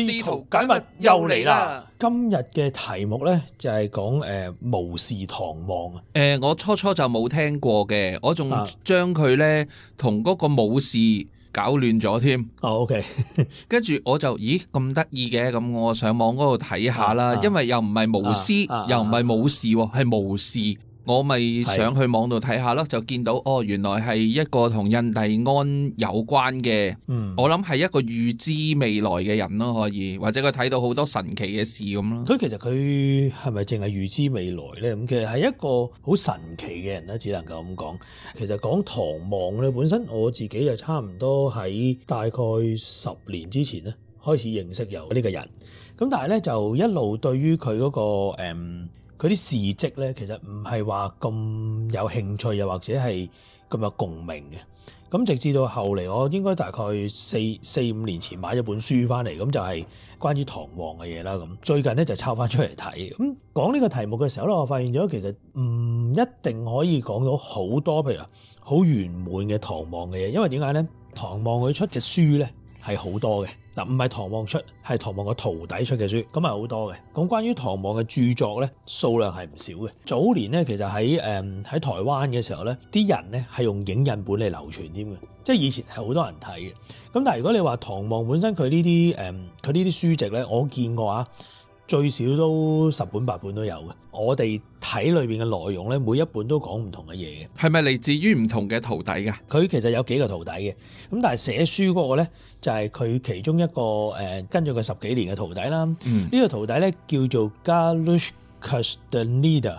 試圖解密，今日又嚟啦！今日嘅題目呢，就係講誒巫士唐望誒、呃，我初初就冇聽過嘅，我仲將佢呢同嗰個冇事搞亂咗添。OK 跟住，我就咦咁得意嘅，咁我上網嗰度睇下啦，因為又唔係無師，又唔係冇事，係巫士。我咪上去網度睇下咯，就見到哦，原來係一個同印第安有關嘅、嗯，我諗係一個預知未來嘅人咯，可以或者佢睇到好多神奇嘅事咁咯。佢其實佢係咪淨係預知未來呢？咁其實係一個好神奇嘅人咧，只能夠咁講。其實講唐望咧，本身我自己就差唔多喺大概十年之前咧開始認識有呢個人，咁但係咧就一路對於佢嗰個、嗯佢啲事迹咧，其實唔係話咁有興趣，又或者係咁有共鳴嘅。咁直至到後嚟，我應該大概四四五年前買咗本書翻嚟，咁就係關於唐望嘅嘢啦。咁最近咧就抄翻出嚟睇。咁講呢個題目嘅時候咧，我發現咗其實唔一定可以講到好多，譬如話好圓滿嘅唐望嘅嘢，因為點解咧？唐望佢出嘅書咧係好多嘅。嗱，唔係唐望出，係唐望個徒弟出嘅書，咁係好多嘅。咁關於唐望嘅著作咧，數量係唔少嘅。早年咧，其實喺、嗯、喺台灣嘅時候咧，啲人咧係用影印本嚟流傳添嘅，即係以前係好多人睇嘅。咁但係如果你話唐望本身佢呢啲、嗯、佢呢啲書籍咧，我見過啊，最少都十本八本都有嘅。我哋睇裏邊嘅內容咧，每一本都講唔同嘅嘢嘅。係咪嚟自於唔同嘅徒弟㗎？佢其實有幾個徒弟嘅，咁但係寫書嗰個咧。.就係佢其中一個誒跟咗佢十幾年嘅徒弟啦。嗯，呢個徒弟咧，叫做 Galush Castaneda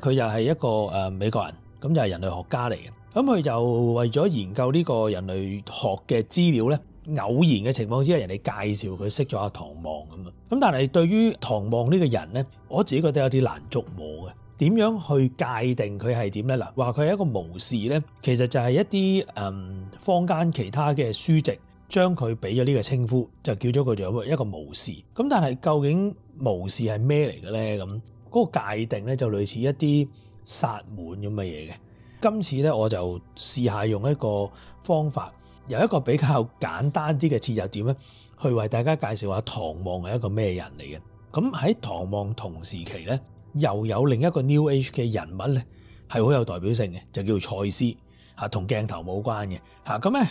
佢又係一個誒美國人，咁就係人類學家嚟嘅。咁佢就為咗研究呢個人類學嘅資料咧，偶然嘅情況之下，人哋介紹佢識咗阿唐望咁啊。咁但係對於唐望呢個人咧，我自己覺得有啲難捉摸嘅。點樣去界定佢係點咧？嗱，話佢係一個巫師咧，其實就係一啲誒坊間其他嘅書籍。將佢俾咗呢個稱呼，就叫咗佢做一個一個巫士。咁但係究竟巫士係咩嚟嘅呢？咁、那、嗰個界定呢，就類似一啲薩滿咁嘅嘢嘅。今次呢，我就試下用一個方法，由一個比較簡單啲嘅切入點呢去為大家介紹下唐望係一個咩人嚟嘅。咁喺唐望同時期呢，又有另一個 New Age 嘅人物呢，係好有代表性嘅，就叫做賽斯。啊，同鏡頭冇關嘅，嚇咁咧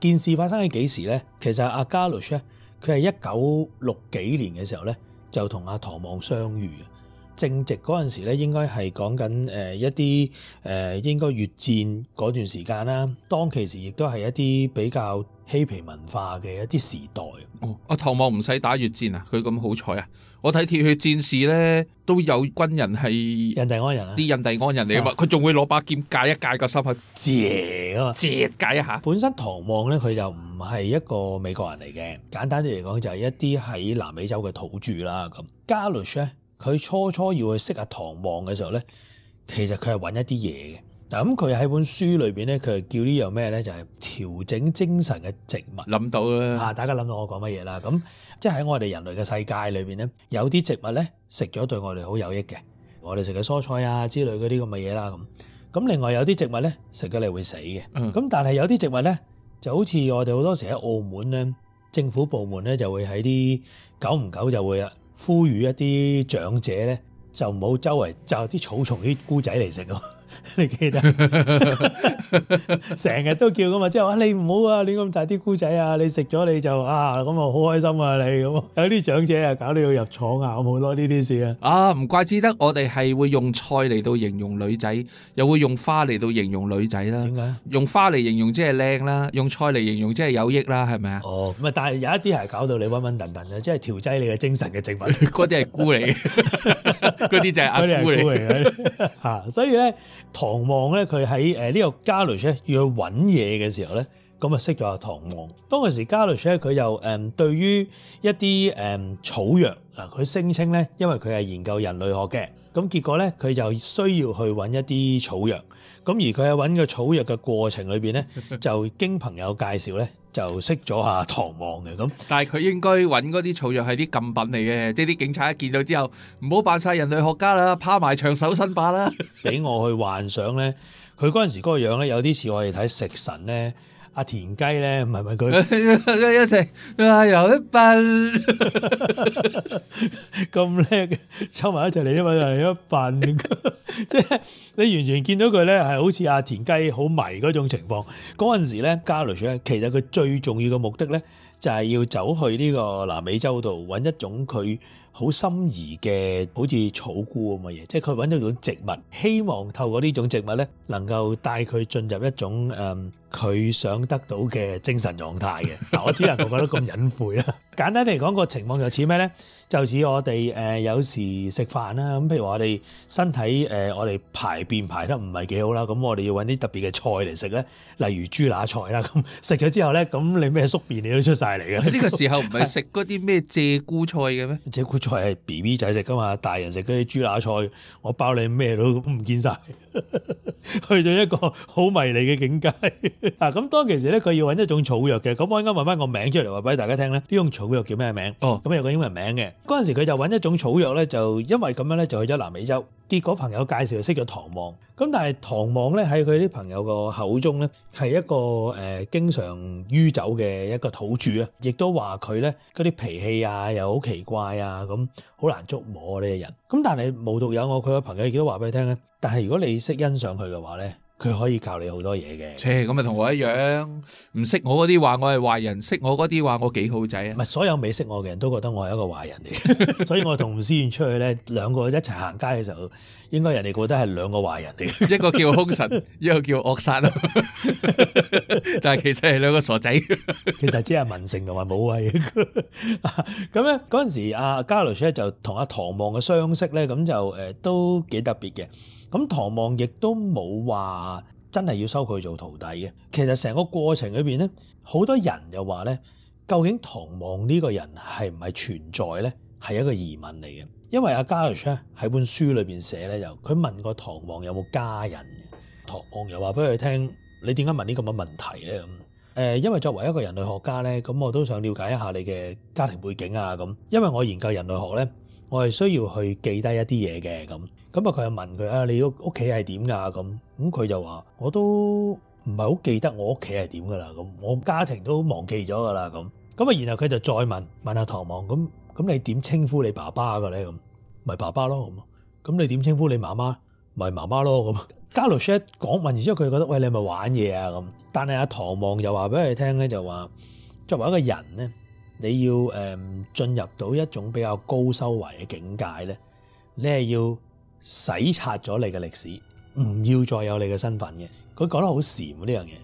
件事發生喺幾時咧？其實阿加洛什咧，佢係一九六幾年嘅時候咧，就同阿唐望相遇嘅，正值嗰陣時咧，應該係講緊誒一啲誒應該越戰嗰段時間啦。當其時亦都係一啲比較。黑皮文化嘅一啲時代。哦，唐望唔使打越戰啊，佢咁好彩啊！我睇鐵血戰士咧，都有軍人係印第安人啊，啲印第安人嚟啊嘛，佢仲、啊、會攞把劍戒一戒個心去折啊嘛，折戒一下。本身唐望咧，佢就唔係一個美國人嚟嘅，簡單啲嚟講就係一啲喺南美洲嘅土著啦。咁加 u sh 咧，佢初初要去識下唐望嘅時候咧，其實佢係揾一啲嘢嘅。咁佢喺本書裏面咧，佢係叫呢樣咩咧？就係、是、調整精神嘅植物。諗到啦，大家諗到我講乜嘢啦？咁即係喺我哋人類嘅世界裏面咧，有啲植物咧，食咗對我哋好有益嘅，我哋食嘅蔬菜啊之類嗰啲咁嘅嘢啦。咁咁另外有啲植物咧，食咗你會死嘅。咁、嗯、但係有啲植物咧就好似我哋好多時喺澳門咧，政府部門咧就會喺啲久唔久就會啦，呼籲一啲長者咧就唔好周圍摘啲草叢啲菇仔嚟食咯。你記得成日 都叫㗎嘛？即係話你唔好啊！你咁大啲姑仔啊！你食咗你就啊咁啊，好開心啊你！你咁有啲長者得啊，搞到要入廠啊，好冇咯呢啲事啊！啊，唔怪之得我哋係會用菜嚟到形容女仔，又會用花嚟到形容女仔啦。點解用花嚟形容即係靚啦，用菜嚟形容即係有益啦，係咪啊？哦，咁啊，但係有一啲係搞到你昏昏突突嘅，即係調劑你嘅精神嘅植物，嗰啲係菇嚟，嗰 啲 就係阿姑嚟嘅嚇，所以咧。唐望咧，佢喺誒呢個 Carlos 要去揾嘢嘅時候咧，咁啊識咗阿唐望。當嗰時 Carlos 咧，佢又誒對於一啲誒草藥嗱，佢聲稱咧，因為佢係研究人類學嘅，咁結果咧，佢就需要去揾一啲草藥。咁而佢喺揾個草藥嘅過程裏邊咧，就經朋友介紹咧。就識咗下唐望嘅咁，但係佢應該揾嗰啲草藥係啲禁品嚟嘅，即係啲警察一見到之後，唔好扮晒人類學家啦，趴埋牆手伸把啦，俾 我去幻想咧，佢嗰陣時嗰個樣咧，有啲似我哋睇食神咧。阿田雞咧，唔係唔佢一齊啊，又、哎、一笨，咁叻嘅，埋 一齊嚟，因為係一份，即 你完全見到佢咧，係好似阿田雞好迷嗰種情況。嗰陣時咧，加雷斯其實佢最重要嘅目的咧，就係、是、要走去呢個南美洲度搵一種佢好心儀嘅，好似草菇咁嘅嘢，即係佢揾一種植物，希望透過呢種植物咧，能夠帶佢進入一種誒。嗯佢想得到嘅精神狀態嘅，嗱我只能夠講得咁隱晦啦。簡單嚟講，個情況就似咩呢？就似我哋誒有時食飯啦，咁譬如話我哋身體誒我哋排便排得唔係幾好啦，咁我哋要揾啲特別嘅菜嚟食咧，例如豬乸菜啦，咁食咗之後咧，咁你咩宿便你都出晒嚟嘅。呢個時候唔係食嗰啲咩鷓鴣菜嘅咩？鷓鴣菜係 B B 仔食噶嘛，大人食嗰啲豬乸菜，我包你咩都唔見晒。去咗一個好迷你嘅境界。啊，咁當其時咧，佢要揾一種草藥嘅，咁我應該問翻個名出嚟話俾大家聽咧，呢種草藥叫咩名？哦，咁有個英文名嘅。嗰陣時佢就揾一種草藥咧，就因為咁樣咧就去咗南美洲，結果朋友介紹就識咗唐望，咁但係唐望咧，喺佢啲朋友個口中咧係一個誒經常酗酒嘅一個土著啊，亦都話佢咧嗰啲脾氣啊又好奇怪啊，咁好難捉摸呢個人，咁但係無獨有我，佢嘅朋友亦都話俾佢聽咧，但係如果你識欣賞佢嘅話咧。佢可以教你好多嘢嘅，切咁啊同我一樣，唔識我嗰啲話我係壞人，識我嗰啲話我幾好仔啊！唔係所有未識我嘅人都覺得我係一個壞人嚟， 所以我同吳思遠出去咧，兩個一齊行街嘅時候，應該人哋覺得係兩個壞人嚟，一個叫兇神， 一個叫惡煞咯。 但係其實係兩個傻仔， 其實只係文成同埋武惠。咁咧嗰陣時，阿嘉樂咧就同阿唐望嘅相識咧，咁就誒都幾特別嘅。咁唐望亦都冇話真係要收佢做徒弟嘅。其實成個過程裏面咧，好多人又話咧，究竟唐望呢個人係唔係存在咧？係一個疑問嚟嘅。因為阿加洛什咧喺本書裏面寫咧，就佢問過唐望有冇家人嘅。唐望又話俾佢聽：你點解問呢咁嘅問題咧？咁誒，因為作為一個人類學家咧，咁我都想了解一下你嘅家庭背景啊。咁因為我研究人類學咧，我係需要去記低一啲嘢嘅咁。咁啊！佢又問佢啊，你屋企係點噶？咁咁佢就話：我都唔係好記得我屋企係點噶啦。咁我家庭都忘記咗噶啦。咁咁啊！然後佢就再問問下唐望：咁咁你點稱呼你爸爸嘅咧？咁咪爸爸咯。咁咁你點稱呼你媽媽？咪媽媽咯。咁加洛舍講問完之後，佢覺得：喂，你係咪玩嘢啊？咁但係阿唐望就話俾佢聽咧，就話作為一個人咧，你要誒、嗯、進入到一種比較高修為嘅境界咧，你係要，洗刷咗你嘅歷史，唔要再有你嘅身份嘅。佢講得好禪呢樣嘢。誒、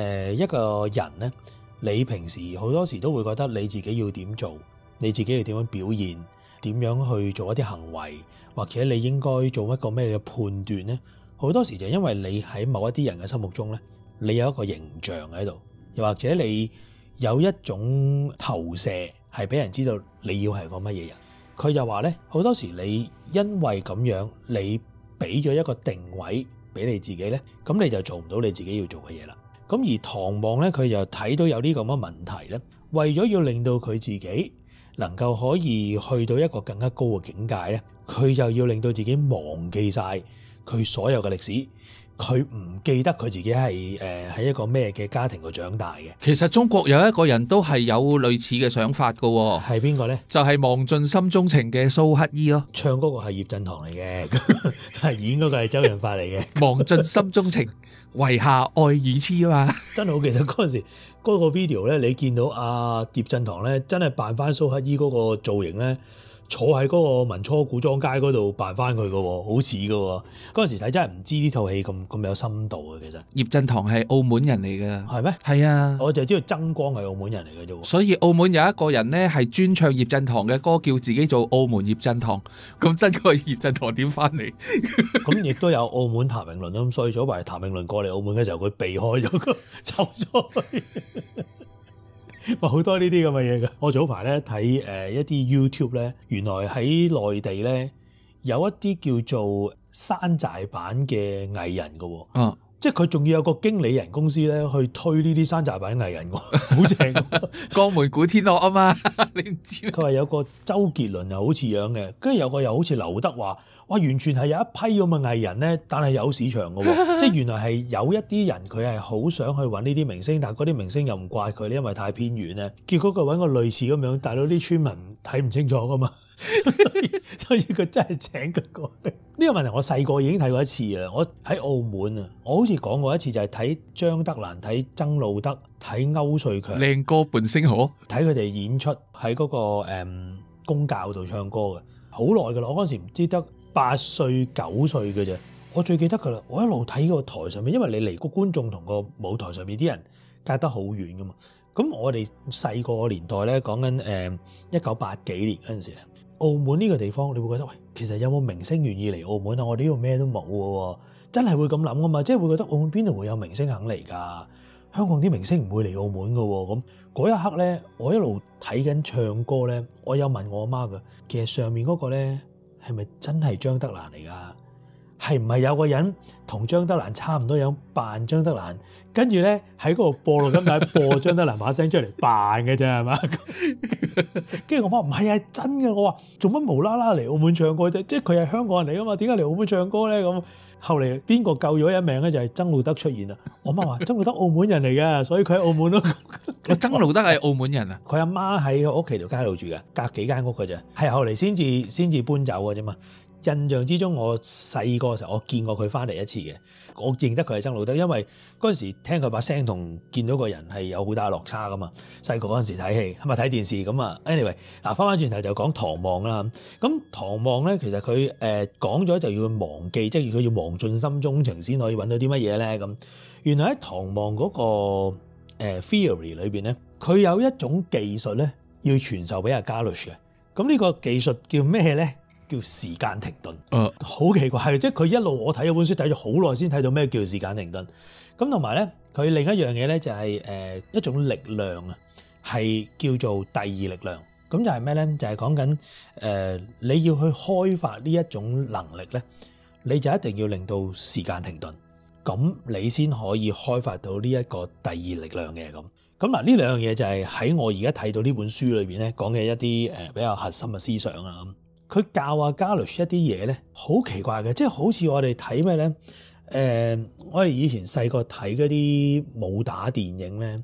呃，一個人呢，你平時好多時都會覺得你自己要點做，你自己要點樣表現，點樣去做一啲行為，或者你應該做一個咩嘅判斷呢？好多時就因為你喺某一啲人嘅心目中呢，你有一個形象喺度，又或者你有一種投射係俾人知道你要係個乜嘢人。佢就話咧，好多時你因為咁樣，你俾咗一個定位俾你自己咧，咁你就做唔到你自己要做嘅嘢啦。咁而唐望咧，佢就睇到有呢個咁嘅問題咧，為咗要令到佢自己能夠可以去到一個更加高嘅境界咧，佢就要令到自己忘記晒佢所有嘅歷史。佢唔記得佢自己係誒喺一個咩嘅家庭度長大嘅。其實中國有一個人都係有類似嘅想法嘅，係邊個呢？就係、是、忘盡心中情嘅蘇乞兒咯。唱歌個係葉振棠嚟嘅，係演嗰個係周潤發嚟嘅。忘盡心中情，遺 下愛與痴啊嘛！真係好記得嗰陣時，嗰個 video 咧，你見到阿、啊、葉振棠咧，真係扮翻蘇乞兒嗰個造型咧。坐喺嗰個文初古裝街嗰度扮翻佢嘅喎，好似嘅喎，嗰陣時睇真係唔知呢套戲咁咁有深度嘅其實。葉振棠係澳門人嚟嘅，係咩？係啊，我就係知道曾光係澳門人嚟嘅啫喎。所以澳門有一個人咧係專唱葉振棠嘅歌，叫自己做澳門葉振棠。咁真個葉振棠點翻嚟？咁亦都有澳門譚詠麟咁，所以早排譚詠麟過嚟澳門嘅時候，佢避開咗佢走咗。 好 多呢啲咁嘅嘢嘅，我早排咧睇誒一啲 YouTube 咧，原來喺內地咧有一啲叫做山寨版嘅藝人嘅喎。嗯。即係佢仲要有個經理人公司咧，去推呢啲山寨版藝人嘅，好正！江門古天樂啊嘛，你唔知？佢話有個周杰倫又好似樣嘅，跟住有個又好似劉德華，哇！完全係有一批咁嘅藝人咧，但係有市場嘅喎。 即係原來係有一啲人佢係好想去搵呢啲明星，但嗰啲明星又唔怪佢，因為太偏遠咧。結果佢搵個類似咁樣，但係嗰啲村民睇唔清楚嘅嘛。 所以，所以佢真係請佢過嚟呢個問題，我細個已經睇過一次啦。我喺澳門啊，我好似講過一次，就係睇，就係睇張德蘭、睇曾路德、睇歐瑞強，靚哥伴星河，好睇佢哋演出喺嗰、嗰個誒、嗯、公教度唱歌嘅，好耐噶啦。我嗰時唔知得八歲九歲嘅啫。我最記得噶啦，我一路睇呢個台上面，因為你離個觀眾同個舞台上面啲人隔得好遠噶嘛。咁我哋細個年代咧，講緊誒一九八幾年嗰陣時澳門呢個地方，你會覺得喂，其實有冇明星願意嚟澳門啊？我呢度咩都冇嘅喎，真係會咁諗㗎嘛？即係會覺得澳門邊度會有明星肯嚟㗎？香港啲明星唔會嚟澳門㗎喎。咁嗰一刻咧，我一路睇緊唱歌咧，我有問我阿媽㗎：「其實上面嗰個咧係咪真係張德蘭嚟㗎？係唔係有個人同張德蘭差唔多樣，扮張德蘭，跟住咧喺嗰個播錄音帶，播張德蘭把聲出嚟扮嘅啫，係嘛？」跟住我媽唔係啊，不是是真嘅！我話做乜無啦啦嚟澳門唱歌啫？即係佢係香港人嚟噶嘛，點解嚟澳門唱歌咧？咁後嚟邊個救咗一命咧？就係、係，曾路德出現啦！我媽話曾路德澳門人嚟嘅，所以佢喺澳門咯。阿 曾路德係澳門人啊？佢阿媽喺我屋企條街度住嘅，隔幾間屋嘅啫，係後嚟先至先至搬走嘅啫嘛。印象之中，我細個時候我見過佢翻嚟一次嘅，我認得佢係曾老德，因為嗰陣時聽佢把聲同見到個人係有好大落差㗎嘛。細個嗰陣時睇戲，係咪睇電視咁啊？Anyway，嗱，翻翻轉頭就講唐望啦。咁唐望咧，其實佢誒講咗就要忘記，即係佢要忘盡心中情先可以揾到啲乜嘢咧。咁原來喺唐望嗰個誒 theory 裏面咧，佢有一種技術咧要傳授俾阿加洛嘅。咁呢個技術叫咩咧？叫時間停頓，嗯、啊，好奇怪，即係佢一路我睇一本書睇咗好耐先睇到咩叫時間停頓，咁同埋咧佢另一樣嘢咧就係、係呃、一種力量啊，係叫做第二力量，咁就係咩咧？就係、係、講緊、呃、你要去開發呢一種能力咧，你就一定要令到時間停頓，咁你先可以開發到呢一個第二力量嘅咁。咁嗱呢兩樣嘢就係喺我而家睇到呢本書裏邊咧講嘅一啲比較核心嘅思想啊。佢教阿加洛一啲嘢咧，好奇怪嘅，即係好似我哋睇咩咧？誒、呃，我哋以前細個睇嗰啲武打電影咧，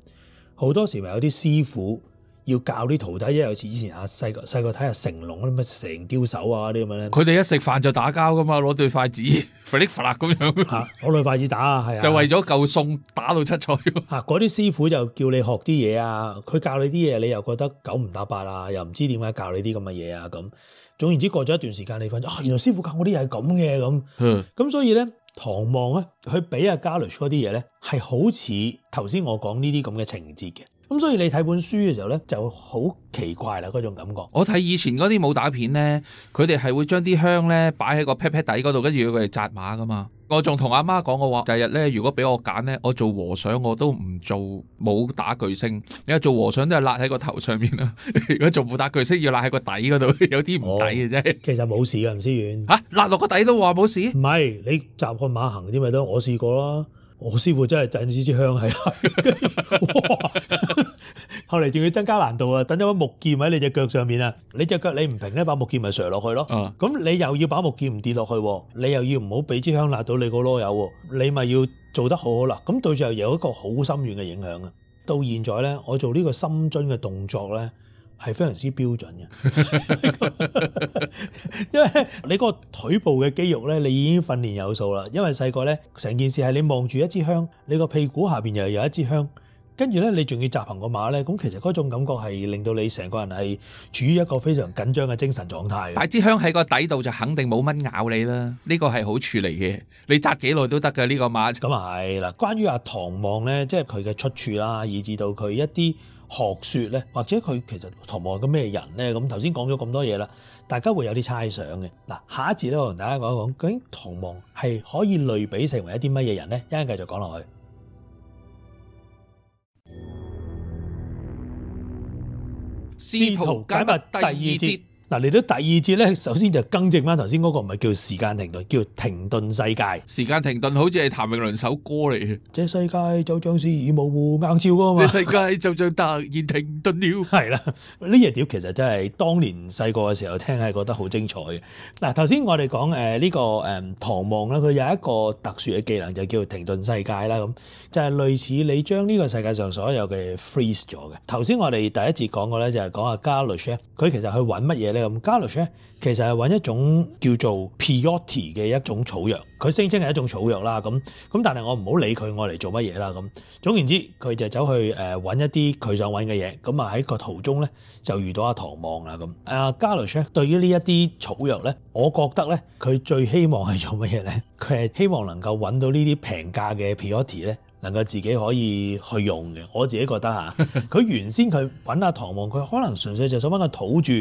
好多時咪有啲師傅要教啲徒弟。因為好似以前阿細細個睇阿成龍咁，咪成雕手啊啲咁樣咧。佢哋一食飯就打交噶嘛，攞對筷子，弗力弗啦咁樣。嚇！攞對筷子打啊，係啊！就為咗嚿餸打到七彩。嗰 啲師傅就叫你學啲嘢啊，佢教你啲嘢，你又覺得九唔搭八啊，又唔知點解教你啲咁嘅嘢啊咁。總言之過咗一段時間，你發覺啊，原來師傅教嗰啲嘢係咁嘅咁。嗯，咁所以咧，唐望咧，佢俾阿加雷嗰啲嘢咧，係好似頭先我講呢啲咁嘅情節嘅。咁所以你睇本書嘅時候咧，就好奇怪啦嗰種感覺。我睇以前嗰啲武打片咧，佢哋係會將啲香咧擺喺個 pat pat 底嗰度，跟住佢哋扎馬噶嘛。我仲同阿媽講，我話，第日咧，如果俾我揀咧，我做和尚我都唔做武打巨星。你話做和尚都係揦喺個頭上面啦，如果做武打巨星要揦喺個底嗰度，有啲唔抵嘅啫，哦。其實冇事嘅，吳思遠吓揦落個底都話冇事。唔係你騎個馬行啲咪得，我試過啦。我、哦、師傅真係震住支香係， 後嚟仲要增加難度啊！等咗把木劍喺你隻腳上面啊，你隻腳你唔平咧，把木劍咪垂落去咯。咁、嗯、你又要把木劍唔跌落去，你又要唔好俾支香辣到你個囉柚，你咪要做得好好啦。咁對象有一個好深遠嘅影響啊！到現在咧，我做呢個深蹲嘅動作咧。係非常之標準嘅，因為你個腿部嘅肌肉咧，你已經訓練有數啦。因為細個咧，成件事係你望住一支香，你個屁股下邊又係有一支香，跟住咧你仲要紮行個馬咧，咁其實嗰種感覺係令到你成個人係處於一個非常緊張嘅精神狀態。擺支香喺個底度就肯定冇蚊咬你啦，呢個係好處嚟嘅。你紮幾耐都得嘅呢個馬。咁啊係啦，關於阿唐望咧，即係佢嘅出處啦，以至到佢一啲。學說呢，或者佢其實唐望係個咩人呢？咁頭先講咗咁多嘢啦，大家會有啲猜想嘅。嗱，下一節咧，我同大家講一講，究竟唐望係可以類比成為一啲乜嘢人呢？一陣繼續講落去，試圖解密第二節。嚟到第二節咧，首先就更正翻頭先嗰個，唔係叫時間停頓，叫停頓世界。時間停頓好似係譚詠麟首歌嚟嘅。這世界就像似已模糊硬照啊嘛！ 世界就像突然停頓了。係 啦，呢隻碟，其實真係當年細個嘅時候聽係覺得好精彩嘅。嗱、這個，頭先我哋講呢個唐望啦，佢有一個特殊嘅技能就叫停頓世界啦，咁就係類似你將呢個世界上所有嘅 freeze 咗嘅。頭先我哋第一節講過咧，就係講阿加律咧，佢其實去揾乜嘢咧？咁加洛雪其實係揾一種叫做 peyote 嘅一種草藥，佢聲稱係一種草藥啦。咁咁，但係我唔好理佢我嚟做乜嘢啦。咁總言之，佢就走去誒揾一啲佢想揾嘅嘢。咁啊喺個途中咧就遇到阿唐望啦。咁、啊、阿加洛雪對於呢一啲草藥咧，我覺得咧佢最希望係做乜嘢咧？佢係希望能夠揾到呢啲平價嘅 peyote 咧，能夠自己可以去用嘅。我自己覺得佢 原先佢揾阿唐望，佢可能純粹就想搵個土著。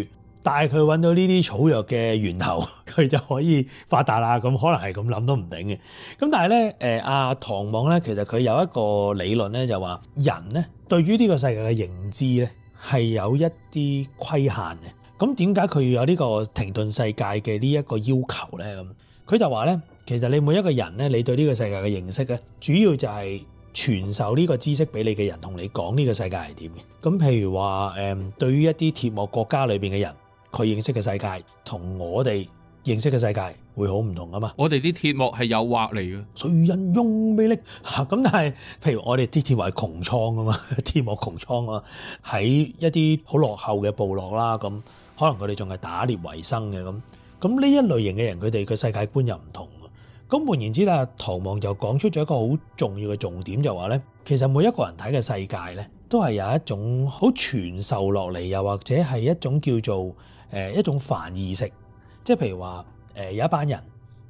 但係佢揾到呢啲草藥嘅源頭，佢就可以發達啦。咁可能係咁諗都唔定嘅。咁但係呢，阿唐望呢，其實佢有一個理論呢，就話人呢對於呢個世界嘅認知呢，係有一啲規限嘅。咁點解佢要有呢個停頓世界嘅呢一個要求呢？咁佢就話呢，其實你每一個人呢，你對呢個世界嘅認識呢，主要就係傳授呢個知識俾你嘅人同你講呢個世界係點嘅。咁譬如話誒，對於一啲鐵幕國家裏面嘅人。佢認識嘅世界同我哋認識嘅世界會好唔同啊嘛！我哋啲鐵幕係誘惑嚟嘅，誰人用咩力咁、啊、但係，譬如我哋啲鐵幕係窮倉啊嘛呵呵，鐵幕窮倉啊，喺一啲好落後嘅部落啦，咁可能佢哋仲係打獵為生嘅咁。咁呢一類型嘅人，佢哋嘅世界觀又唔同。咁換言之啦，唐望就講出咗一個好重要嘅重點，就話咧，其實每一個人睇嘅世界咧，都係有一種好傳授落嚟，又或者係一種叫做。誒一種凡意識，即係譬如話，誒有一班人，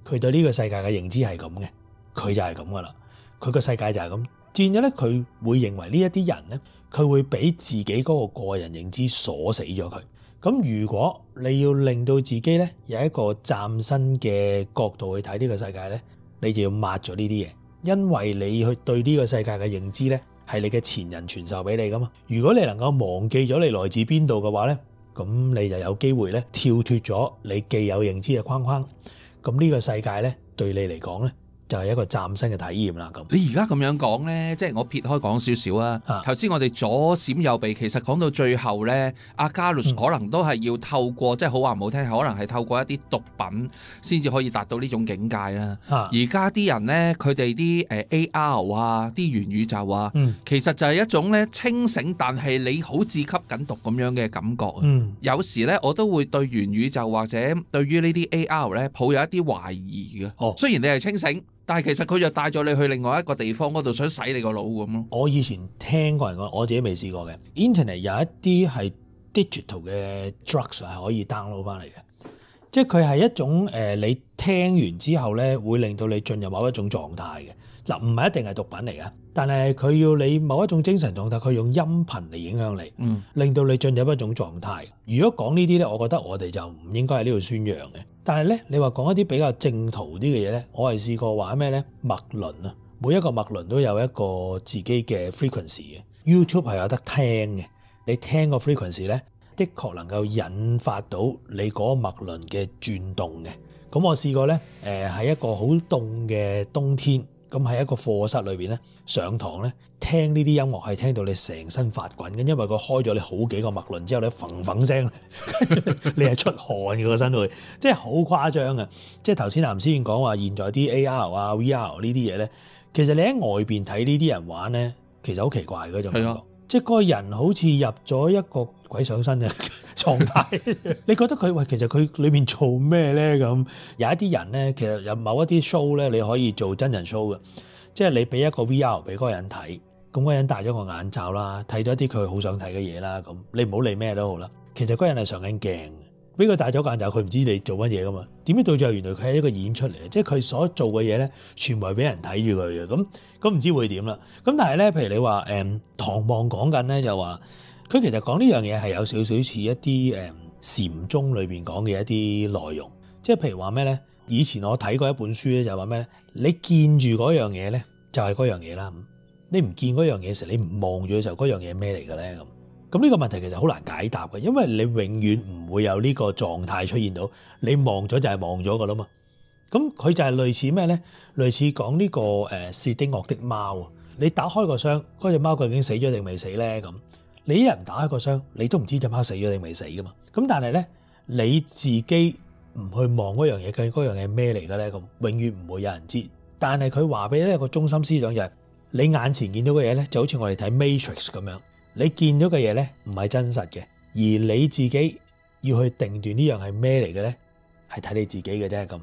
佢對呢個世界嘅認知係咁嘅，佢就係咁㗎啦，佢個世界就係咁。變咗咧，佢會認為呢一啲人咧，佢會俾自己嗰個個人認知鎖死咗佢。咁如果你要令到自己咧有一個嶄新嘅角度去睇呢個世界咧，你就要抹咗呢啲嘢，因為你去對呢個世界嘅認知咧係你嘅前人傳授俾你㗎嘛。如果你能夠忘記咗你來自邊度嘅話咧，咁你就有機會咧跳脫咗你既有認知嘅框框，咁呢個世界咧對你嚟講咧。就係、是、一個嶄新嘅體驗啦。咁你而家咁樣講呢？即係我撇開講少少啊。頭先我哋左閃右避，其實講到最後呢，阿加魯可能都係要透過，即係好話唔好聽，可能係透過一啲毒品先至可以達到呢種境界啦。而家啲人呢，佢哋啲誒 AR 啊，啲元宇宙啊，嗯、其實就係一種咧清醒，但係你好似吸緊毒咁樣嘅感覺。嗯、有時呢，我都會對元宇宙或者對於呢啲 AR 呢抱有一啲懷疑嘅、哦。雖然你係清醒。但係其實佢就帶咗你去另外一個地方度，想洗你個腦咁咯。我以前聽過人講，我自己未試過嘅。Internet 有一啲係 digital 嘅 drugs 係可以 download 翻嚟嘅。即係佢係一種誒，你聽完之後咧，會令到你進入某一種狀態嘅。嗱，唔係一定係毒品嚟嘅，但係佢要你某一種精神狀態，佢用音頻嚟影響你，令到你進入一種狀態。如果講呢啲咧，我覺得我哋就唔應該喺呢度宣揚嘅。但係咧，你話講一啲比較正途啲嘅嘢咧，我係試過話咩咧脈輪啊，每一個脈輪都有一個自己嘅 frequency 嘅。YouTube 係有得聽嘅，你聽個 frequency 咧。的確能夠引發到你嗰個脈輪嘅轉動嘅。咁我試過咧，誒喺一個好凍嘅冬天，咁喺一個課室裏邊咧上堂咧聽呢啲音樂係聽到你成身發滾嘅，因為佢開咗你好幾個脈輪之後咧，嘭嘭聲你係 出汗嘅個身會，即係好誇張嘅。即係頭先林司儀講話，現在啲 A R 啊 V R 呢啲嘢咧，其實你喺外邊睇呢啲人玩咧，其實好奇怪嘅種感覺。即係個人好似入咗一個鬼上身嘅狀態， 你覺得佢喂，其實佢裏面做咩咧咁？有一啲人咧其實有某一啲 show 咧你可以做真人 show 嘅，即係你俾一個 VR 俾嗰個人睇，咁嗰個人戴咗個眼罩啦，睇咗一啲佢好想睇嘅嘢啦，咁你唔好理咩都好啦，其實個人係上緊鏡。俾佢戴咗眼罩，就佢唔知你做乜嘢噶嘛？點知到最後原來佢係一個演出嚟嘅，即係佢所做嘅嘢咧，全部係俾人睇住佢嘅。咁咁唔知會點啦？咁但係咧，譬如你話、嗯、唐望講緊咧就話，佢其實講呢樣嘢係有少少似一啲誒、嗯、禪宗裏面講嘅一啲內容。即係譬如話咩咧？以前我睇過一本書咧，就話咩咧？你見住嗰樣嘢咧，就係、是、嗰樣嘢啦。咁你唔見嗰樣嘢時，你唔望住嘅時候，嗰樣嘢咩嚟嘅咧咁？咁呢個問題其實好難解答嘅，因為你永遠唔會有呢個狀態出現到，你望咗就係望咗噶啦嘛。咁佢就係類似咩咧？類似講呢個誒，薛丁格的貓啊，你打開個箱，嗰隻貓究竟死咗定未死咧？咁你一日唔打開個箱，你都唔知隻貓死咗定未死噶嘛。咁但係咧，你自己唔去望嗰樣嘢，究竟嗰樣嘢係咩嚟嘅咧？咁永遠唔會有人知。但係佢話俾咧個中心思想就係，你眼前見到嘅嘢咧，就好似我哋睇 Matrix 咁樣。你見到嘅嘢咧，唔係真實嘅，而你自己要去定斷呢樣係咩嚟嘅咧，係睇你自己嘅啫。咁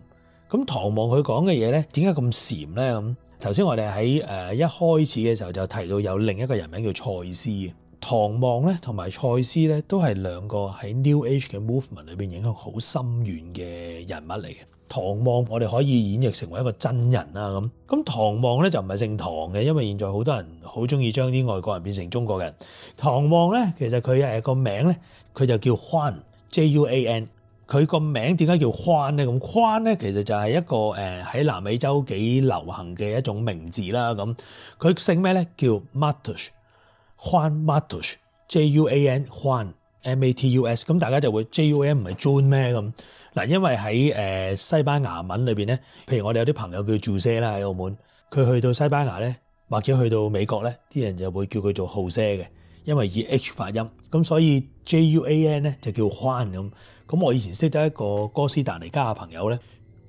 咁，唐望佢講嘅嘢咧，點解咁禪咧？咁頭先我哋喺誒一開始嘅時候就提到有另一個人名叫賽斯嘅，唐望咧同埋賽斯咧都係兩個喺 New Age 嘅 movement 裏邊影響好深遠嘅人物嚟嘅。唐望，我哋可以演繹成為一個真人啦咁。咁唐望咧就唔係姓唐嘅，因為現在好多人好中意將啲外國人變成中國人。唐望咧其實佢係個名咧，佢就叫 Juan，J U A N。佢個名點解叫 Juan 咧？咁 Juan 咧其實就係一個誒喺南美洲幾流行嘅一種名字啦咁。佢姓咩咧？叫 Matus，Juan Matus，J U A N Juan M A T U S。咁大家就會 J U A N 唔係 John 咩咁？嗱，因為喺誒西班牙文裏面，咧，譬如我哋有啲朋友叫做 Jose 啦，喺澳門，佢去到西班牙咧，或者去到美國咧，啲人就會叫佢做 Hose 嘅，因為以 H 發音，咁所以 Juan 咧就叫彎咁。咁我以前識得一個哥斯達黎加嘅朋友咧。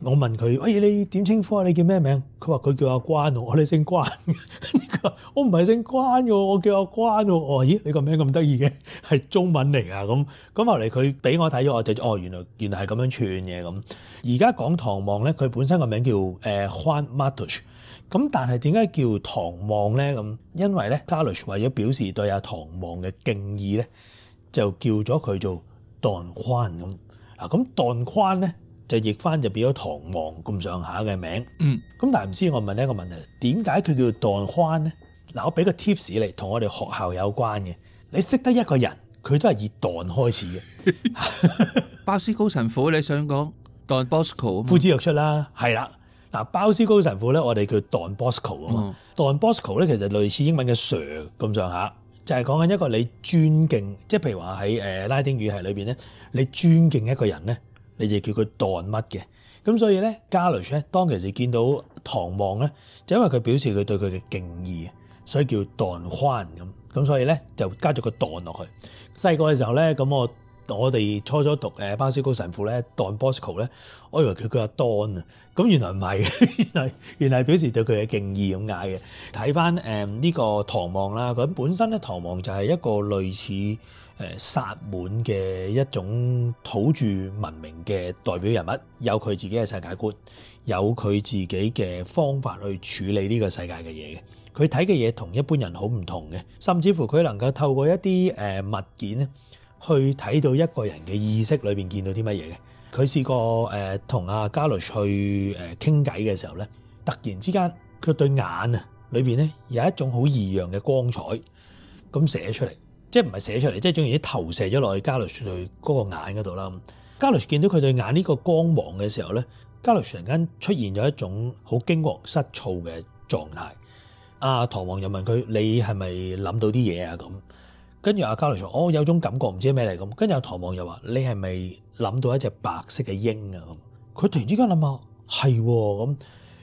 我問佢：，誒、哎、你點稱呼啊？你叫咩名？佢話：佢叫阿關喎。我哋姓關呢佢 我唔係姓關喎，我叫阿關喎。我咦，你個名咁得意嘅，係中文嚟啊咁咁後嚟佢俾我睇咗，我就哦原來原來係咁樣串嘅咁。而家講唐望咧，佢本身個名叫呃、Juan Matus 咁但係點解叫唐望咧？咁因為咧，Salish 為咗表示對阿、啊、唐望嘅敬意咧，就叫咗佢做 Don Juan 咁。嗱、啊、咁 Don Juan 咧。就譯翻就變咗唐望咁上下嘅名，嗯，咁但係唔知我問呢一個問題，點解佢叫 Don Juan 呢？咧？嗱，我俾個 tips 同我哋學校有關嘅，你識得一個人，佢都係以 Don 開始嘅。鮑 思高神父，你想講 Don Bosco 呼 之欲出啦，係啦，嗱，鮑思高神父咧，我哋叫 Don Bosco 啊、嗯、嘛，Don Bosco 咧，其實類似英文嘅 Sir 咁上下，就係講緊一個你尊敬，即係譬如話喺拉丁語系裏面咧，你尊敬一個人咧。你就叫佢當乜嘅，咁所以咧，Carlos 咧，當其時見到唐望咧，就因為佢表示佢對佢嘅敬意，所以叫當關咁，咁所以咧就加咗個當落去。細個嘅時候咧，咁我我哋初初讀鮑思高神父咧，當 Bosco 咧，我以為佢叫阿當啊，咁原來唔係，原來原來表示對佢嘅敬意咁嗌嘅。睇翻誒呢個唐望啦，咁本身咧唐望就係一個類似。誒薩滿嘅一種土著文明嘅代表人物，有佢自己嘅世界觀，有佢自己嘅方法去處理呢個世界嘅嘢嘅。佢睇嘅嘢同一般人好唔同嘅，甚至乎佢能夠透過一啲誒物件咧，去睇到一個人嘅意識裏邊見到啲乜嘢嘅。佢試過誒同阿加洛去誒傾偈嘅時候咧，突然之間佢對眼啊裏邊咧有一種好異樣嘅光彩咁寫出嚟。即係唔係寫出嚟，即係將之投射咗落去 Garlic 嗰個眼嗰度啦。Garlic 見到佢對眼呢個光芒嘅時候咧 Garlic 突然間出現咗一種好驚惶失措嘅狀態。阿、啊、唐王又問佢：你係咪諗到啲嘢啊？咁跟住阿 Garlic 我有種感覺，唔知咩嚟咁。跟住阿唐王又話：你係咪諗到一隻白色嘅鷹啊？咁佢突然之間諗下係咁，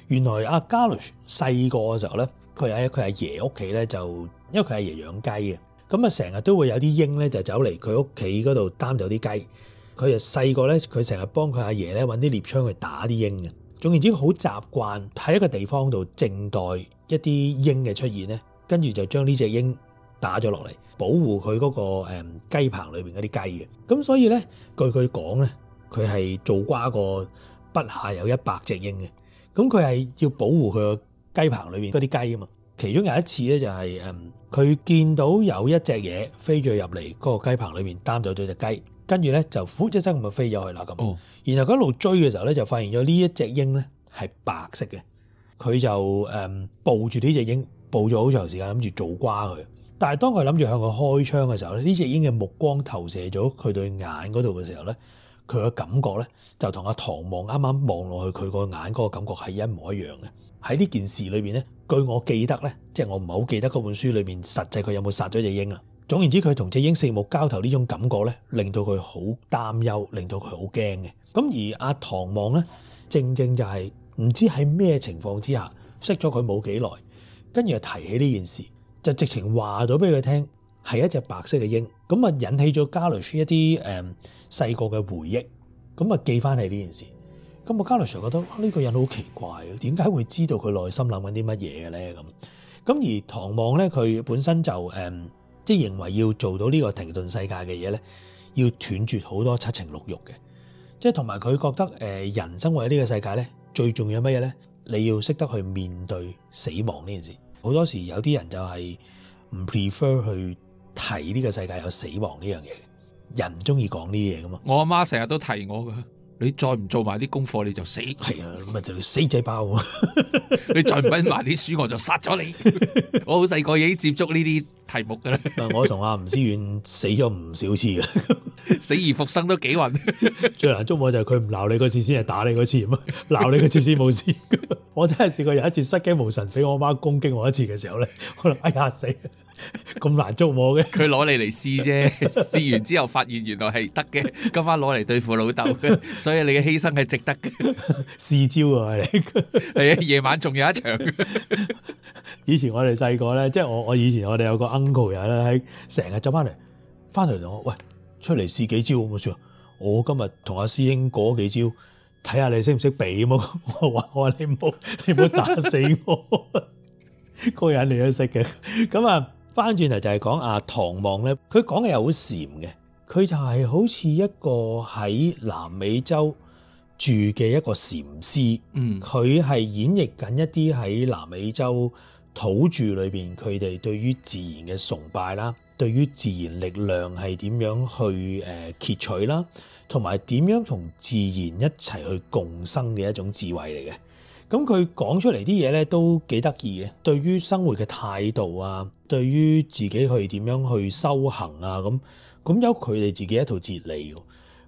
原來阿、啊、Garlic 細個嘅時候咧，佢喺佢阿爺屋企咧就因為佢阿爺養雞嘅。咁啊，成日都會有啲鷹咧，就走嚟佢屋企嗰度擔走啲雞。佢啊細個咧，佢成日幫佢阿爺咧搵啲獵槍去打啲鷹嘅。總言之，好習慣喺一個地方度靜待一啲鷹嘅出現咧，跟住就將呢隻鷹打咗落嚟，保護佢嗰個雞棚裏面嗰啲雞嘅。咁所以咧，據佢講咧，佢係做瓜過不下有一百隻鷹嘅。咁佢係要保護佢個雞棚裏面嗰啲雞啊嘛。其中有一次咧，就係誒佢見到有一隻嘢飛咗入嚟，嗰個雞棚裏面擔咗對隻雞，跟住咧就呼一聲咁啊飛咗去啦咁。然後嗰一路追嘅時候咧，就發現咗呢一隻鷹咧係白色嘅，佢就誒捕住呢隻鷹，捕咗好長時間，諗住做瓜佢。但係當佢諗住向佢開槍嘅時候咧，呢隻鷹嘅目光投射咗佢對眼嗰度嘅時候咧，佢嘅感覺咧就同阿唐望啱啱望落去佢個眼嗰個感覺係一模一樣嘅。喺呢件事裏邊咧。據我記得呢，即係我唔係好記得嗰本書裏面實際佢有冇殺咗隻鷹啦。總言之，佢同隻鷹四目交投呢種感覺呢，令到佢好擔憂，令到佢好驚嘅。咁而阿唐望呢，正正就係唔知喺咩情況之下識咗佢冇幾耐，跟住就提起呢件事，就直情話咗俾佢聽係一隻白色嘅鷹，咁啊引起咗加雷斯一啲誒細個嘅回憶，咁啊記翻起呢件事。咁個卡路士覺得呢個人好奇怪，點解會知道佢內心諗緊啲乜嘢嘅咧？咁咁而唐望咧，佢本身就、嗯、即係認為要做到呢個停頓世界嘅嘢咧，要斷絕好多七情六欲嘅，即係同埋佢覺得人生活喺呢個世界咧，最重要係乜嘢咧？你要識得去面對死亡呢件事。好多時有啲人就係唔 prefer 去提呢個世界有死亡呢樣嘢，人唔中意講呢啲嘢噶嘛。我阿媽成日都提我噶。你再唔做埋啲功課，你就死。係啊，咪就死仔包。 你再唔揾埋啲書，我 就殺咗你。我好細個已經接觸呢啲題目㗎喇。 我同阿吳思遠死咗唔少次㗎， 死而復生都幾暈。 最難捉摸就係佢唔鬧你嗰次，先係打你嗰次；唔鬧你嗰次先冇事。我真係試過有一次失驚無神，俾我媽攻擊我一次嘅時候咧，可能哎呀死。咁難捉摸嘅，佢攞你嚟試啫，試完之後發現原來係得嘅，今晚攞嚟對付老豆，所以你嘅犧牲係值得嘅，試招啊！夜晚仲有一場。以前我哋細個咧，即係我我以前我哋有個 uncle 又係啦，成日走翻嚟，翻嚟同我喂，出嚟試幾招好冇算，我今日同阿師兄過咗幾招，睇下你識唔識避麼？我話我話，你唔好，你唔好打死我，個人你都識嘅，咁啊。翻轉頭就係講啊，唐望咧，佢講嘅又好禪嘅，佢就係好似一個喺南美洲住嘅一個禪師，嗯，佢係演繹緊一啲喺南美洲土著裏面，佢哋對於自然嘅崇拜啦，對於自然力量係點樣去誒汲取啦，同埋點樣同自然一齊去共生嘅一種智慧嚟嘅。咁佢講出嚟啲嘢咧都幾得意嘅，對於生活嘅態度啊～對於自己去點樣去修行啊，咁咁有佢哋自己一套哲理嘅。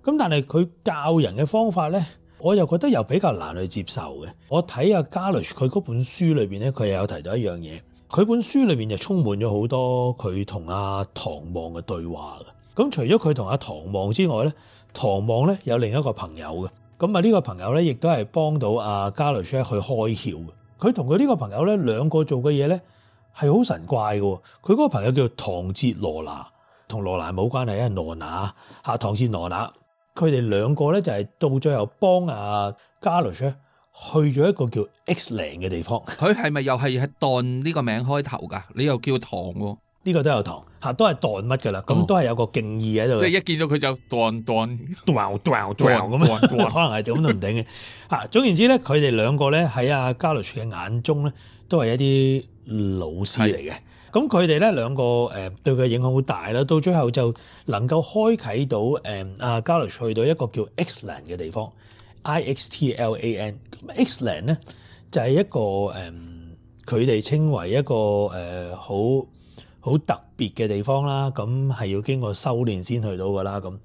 咁但係佢教人嘅方法咧，我又覺得又比較難去接受嘅。我睇下阿加雷，佢嗰本書裏面咧，佢又有提到一樣嘢。佢本書裏面就充滿咗好多佢同阿唐望嘅對話嘅。咁除咗佢同阿唐望之外咧，唐望咧有另一個朋友嘅。咁啊呢個朋友咧，亦都係幫到阿加雷 s h 去開竅嘅。佢同佢呢個朋友咧，兩個做嘅嘢咧。係好神怪嘅，佢嗰個朋友叫唐哲羅娜，同羅拿冇關係，因為羅娜吓，唐哲羅娜，佢哋兩個咧就係到最後幫阿、啊、加洛雪去咗一個叫 X 零嘅地方。佢係咪又係喺 don 呢個名開頭噶？你又叫唐、哦，呢、這個都有唐吓，都係 don 乜噶啦？咁都係有個敬意喺度。即係一見到佢就 don don don don don 咁可能係咁都唔定嘅。吓， 總言之咧，佢哋兩個咧喺阿加洛雪嘅眼中咧，都係一啲，老師嚟嘅，咁佢哋咧兩個誒對佢影響好大啦，到最後就能夠開啟到誒啊加雷斯去到一個叫 Xland 嘅地方，I X T L A N。咁 Xland 咧就係一個誒佢哋稱為一個誒好好特別嘅地方啦，咁係要經過修練先去到噶啦。咁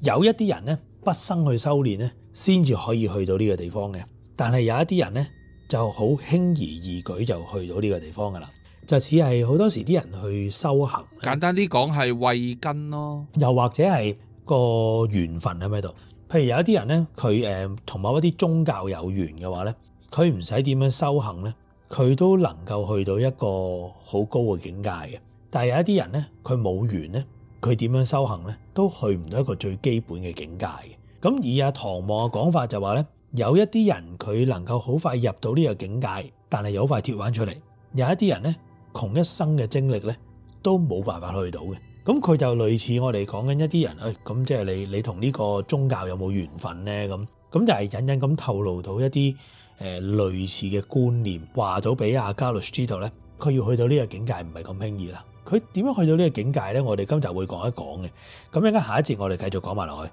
有一啲人咧畢生去修練咧，先至可以去到呢個地方嘅，但係有一啲人咧，就好輕而易舉就去到呢個地方㗎啦，就似係好多時啲人去修行，簡單啲講係慧根咯，又或者係個緣分喺咪度？譬如有一啲人呢，佢誒同某一啲宗教有緣嘅話呢，佢唔使點樣修行呢，佢都能夠去到一個好高嘅境界嘅。但係有一啲人呢，佢冇緣呢，佢點樣修行呢，都去唔到一個最基本嘅境界嘅。咁以阿唐望嘅講法就話呢。有一啲人佢能夠好快入到呢個境界，但係又好快脫返出嚟；有一啲人咧窮一生嘅精力咧都冇辦法去到嘅。咁佢就類似我哋講緊一啲人，誒、哎、咁即係你你同呢個宗教有冇緣分咧？咁咁就係隱隱咁透露到一啲誒、呃、類似嘅觀念，話到俾阿加洛斯知道咧，佢要去到呢個境界唔係咁輕易啦。佢點樣去到呢個境界咧？我哋今集會講一講嘅。咁一陣間，下一節我哋繼續講埋落去。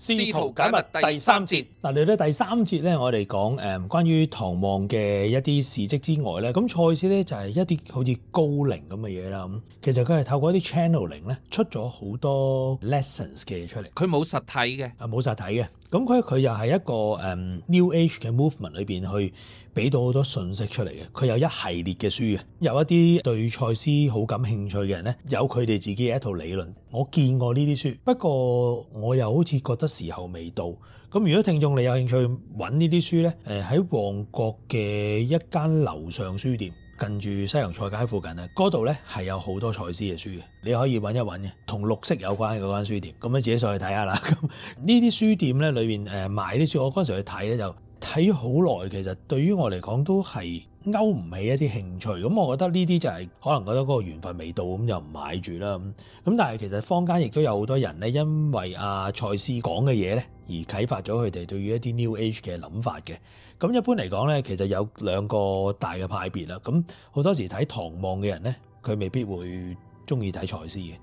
試圖解密第三節嗱，你咧第三節咧，節我哋講誒關於唐望嘅一啲事蹟之外咧，咁賽斯咧就係一啲好似高靈咁嘅嘢啦。咁其實佢係透過一啲 channeling 咧，出咗好多 lessons 嘅嘢出嚟。佢冇實體嘅，啊冇實體嘅。咁佢佢又係一個誒 new age 嘅 movement 裏邊去。俾到好多信息出嚟嘅，佢有一系列嘅書，有一啲對賽斯好感興趣嘅人呢，有佢哋自己嘅一套理論。我見過呢啲書，不過我又好似覺得時候未到。咁如果聽眾你有興趣揾呢啲書呢，喺旺角嘅一間樓上書店，近住西洋菜街附近咧，嗰度呢係有好多賽斯嘅書嘅，你可以揾一揾嘅，同綠色有關嘅嗰間書店。咁你自己上去睇下啦。咁呢啲書店呢，裏面誒賣啲書，我嗰時候去睇呢就。睇好耐，其實對於我嚟講都係勾唔起一啲興趣。咁我覺得呢啲就係可能覺得嗰個緣分未到，咁就唔買住啦。咁但係其實坊間亦都有好多人咧，因為阿蔡司講嘅嘢咧而啟發咗佢哋對於一啲 New Age 嘅諗法嘅。咁一般嚟講咧，其實有兩個大嘅派別啦。咁好多時睇唐望嘅人咧，佢未必會中意睇蔡司嘅。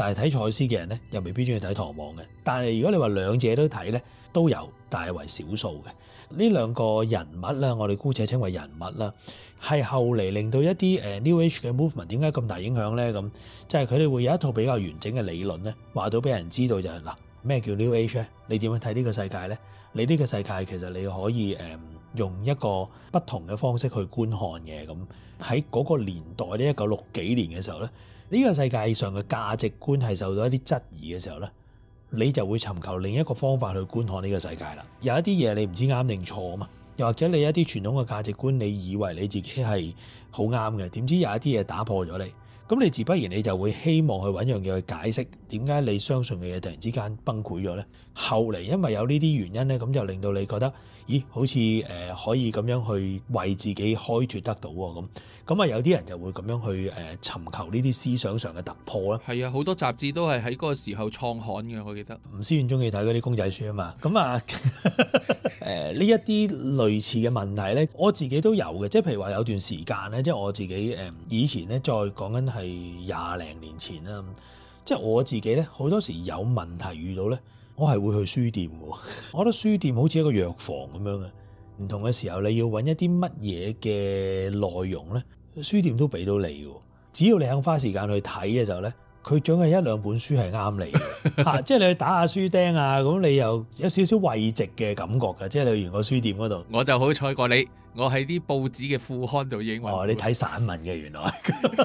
但係睇賽斯嘅人咧，又未必中意睇《唐望》嘅。但係如果你話兩者都睇咧，都有大為少數嘅。呢兩個人物啦，我哋姑且稱為人物啦，係後嚟令到一啲 New Age 嘅 Movement 點解咁大影響咧？咁就係佢哋會有一套比較完整嘅理論咧，話到俾人知道就係、是、嗱，咩叫 New Age 咧？你點樣睇呢個世界咧？你呢個世界其實你可以、嗯、用一個不同嘅方式去觀看嘅。咁喺嗰個年代，呢一九六幾年嘅時候咧。呢、這個世界上嘅價值觀係受到一啲質疑嘅時候，呢你就會尋求另一個方法去觀看呢個世界啦。有一啲嘢你唔知啱定錯嘛，又或者你一啲傳統嘅價值觀，你以為你自己係好啱嘅，點知有一啲嘢打破咗你。咁你自不然你就會希望去揾樣嘢去解釋點解你相信嘅嘢突然之間崩潰咗呢？後嚟因為有呢啲原因呢，咁就令到你覺得，咦？好似誒可以咁樣去為自己開脱得到喎咁。咁啊有啲人就會咁樣去誒尋、呃、求呢啲思想上嘅突破啦。係啊，好多雜誌都係喺嗰個時候創刊嘅，我記得。吳思遠中意睇嗰啲公仔書啊嘛。咁啊誒呢一啲類似嘅問題呢，我自己都有嘅。即係譬如話有段時間呢，即係我自己、呃、以前呢再講緊。係廿零年前啦，即係我自己呢，好多時有問題遇到呢，我係會去書店嘅。 我覺得書店好似一個藥房咁樣嘅，唔同嘅時候你要揾一啲乜嘢嘅內容呢，書店都俾到你，只要你肯花時間去睇嘅時候呢。佢總係一兩本書係啱你，嚇、 啊！即係你去打下書釘啊，咁你又有少少慰藉嘅感覺嘅，即係你去完個書店嗰度。我就好彩過你，我喺啲報紙嘅副刊度認為。哦，你睇散文嘅原來。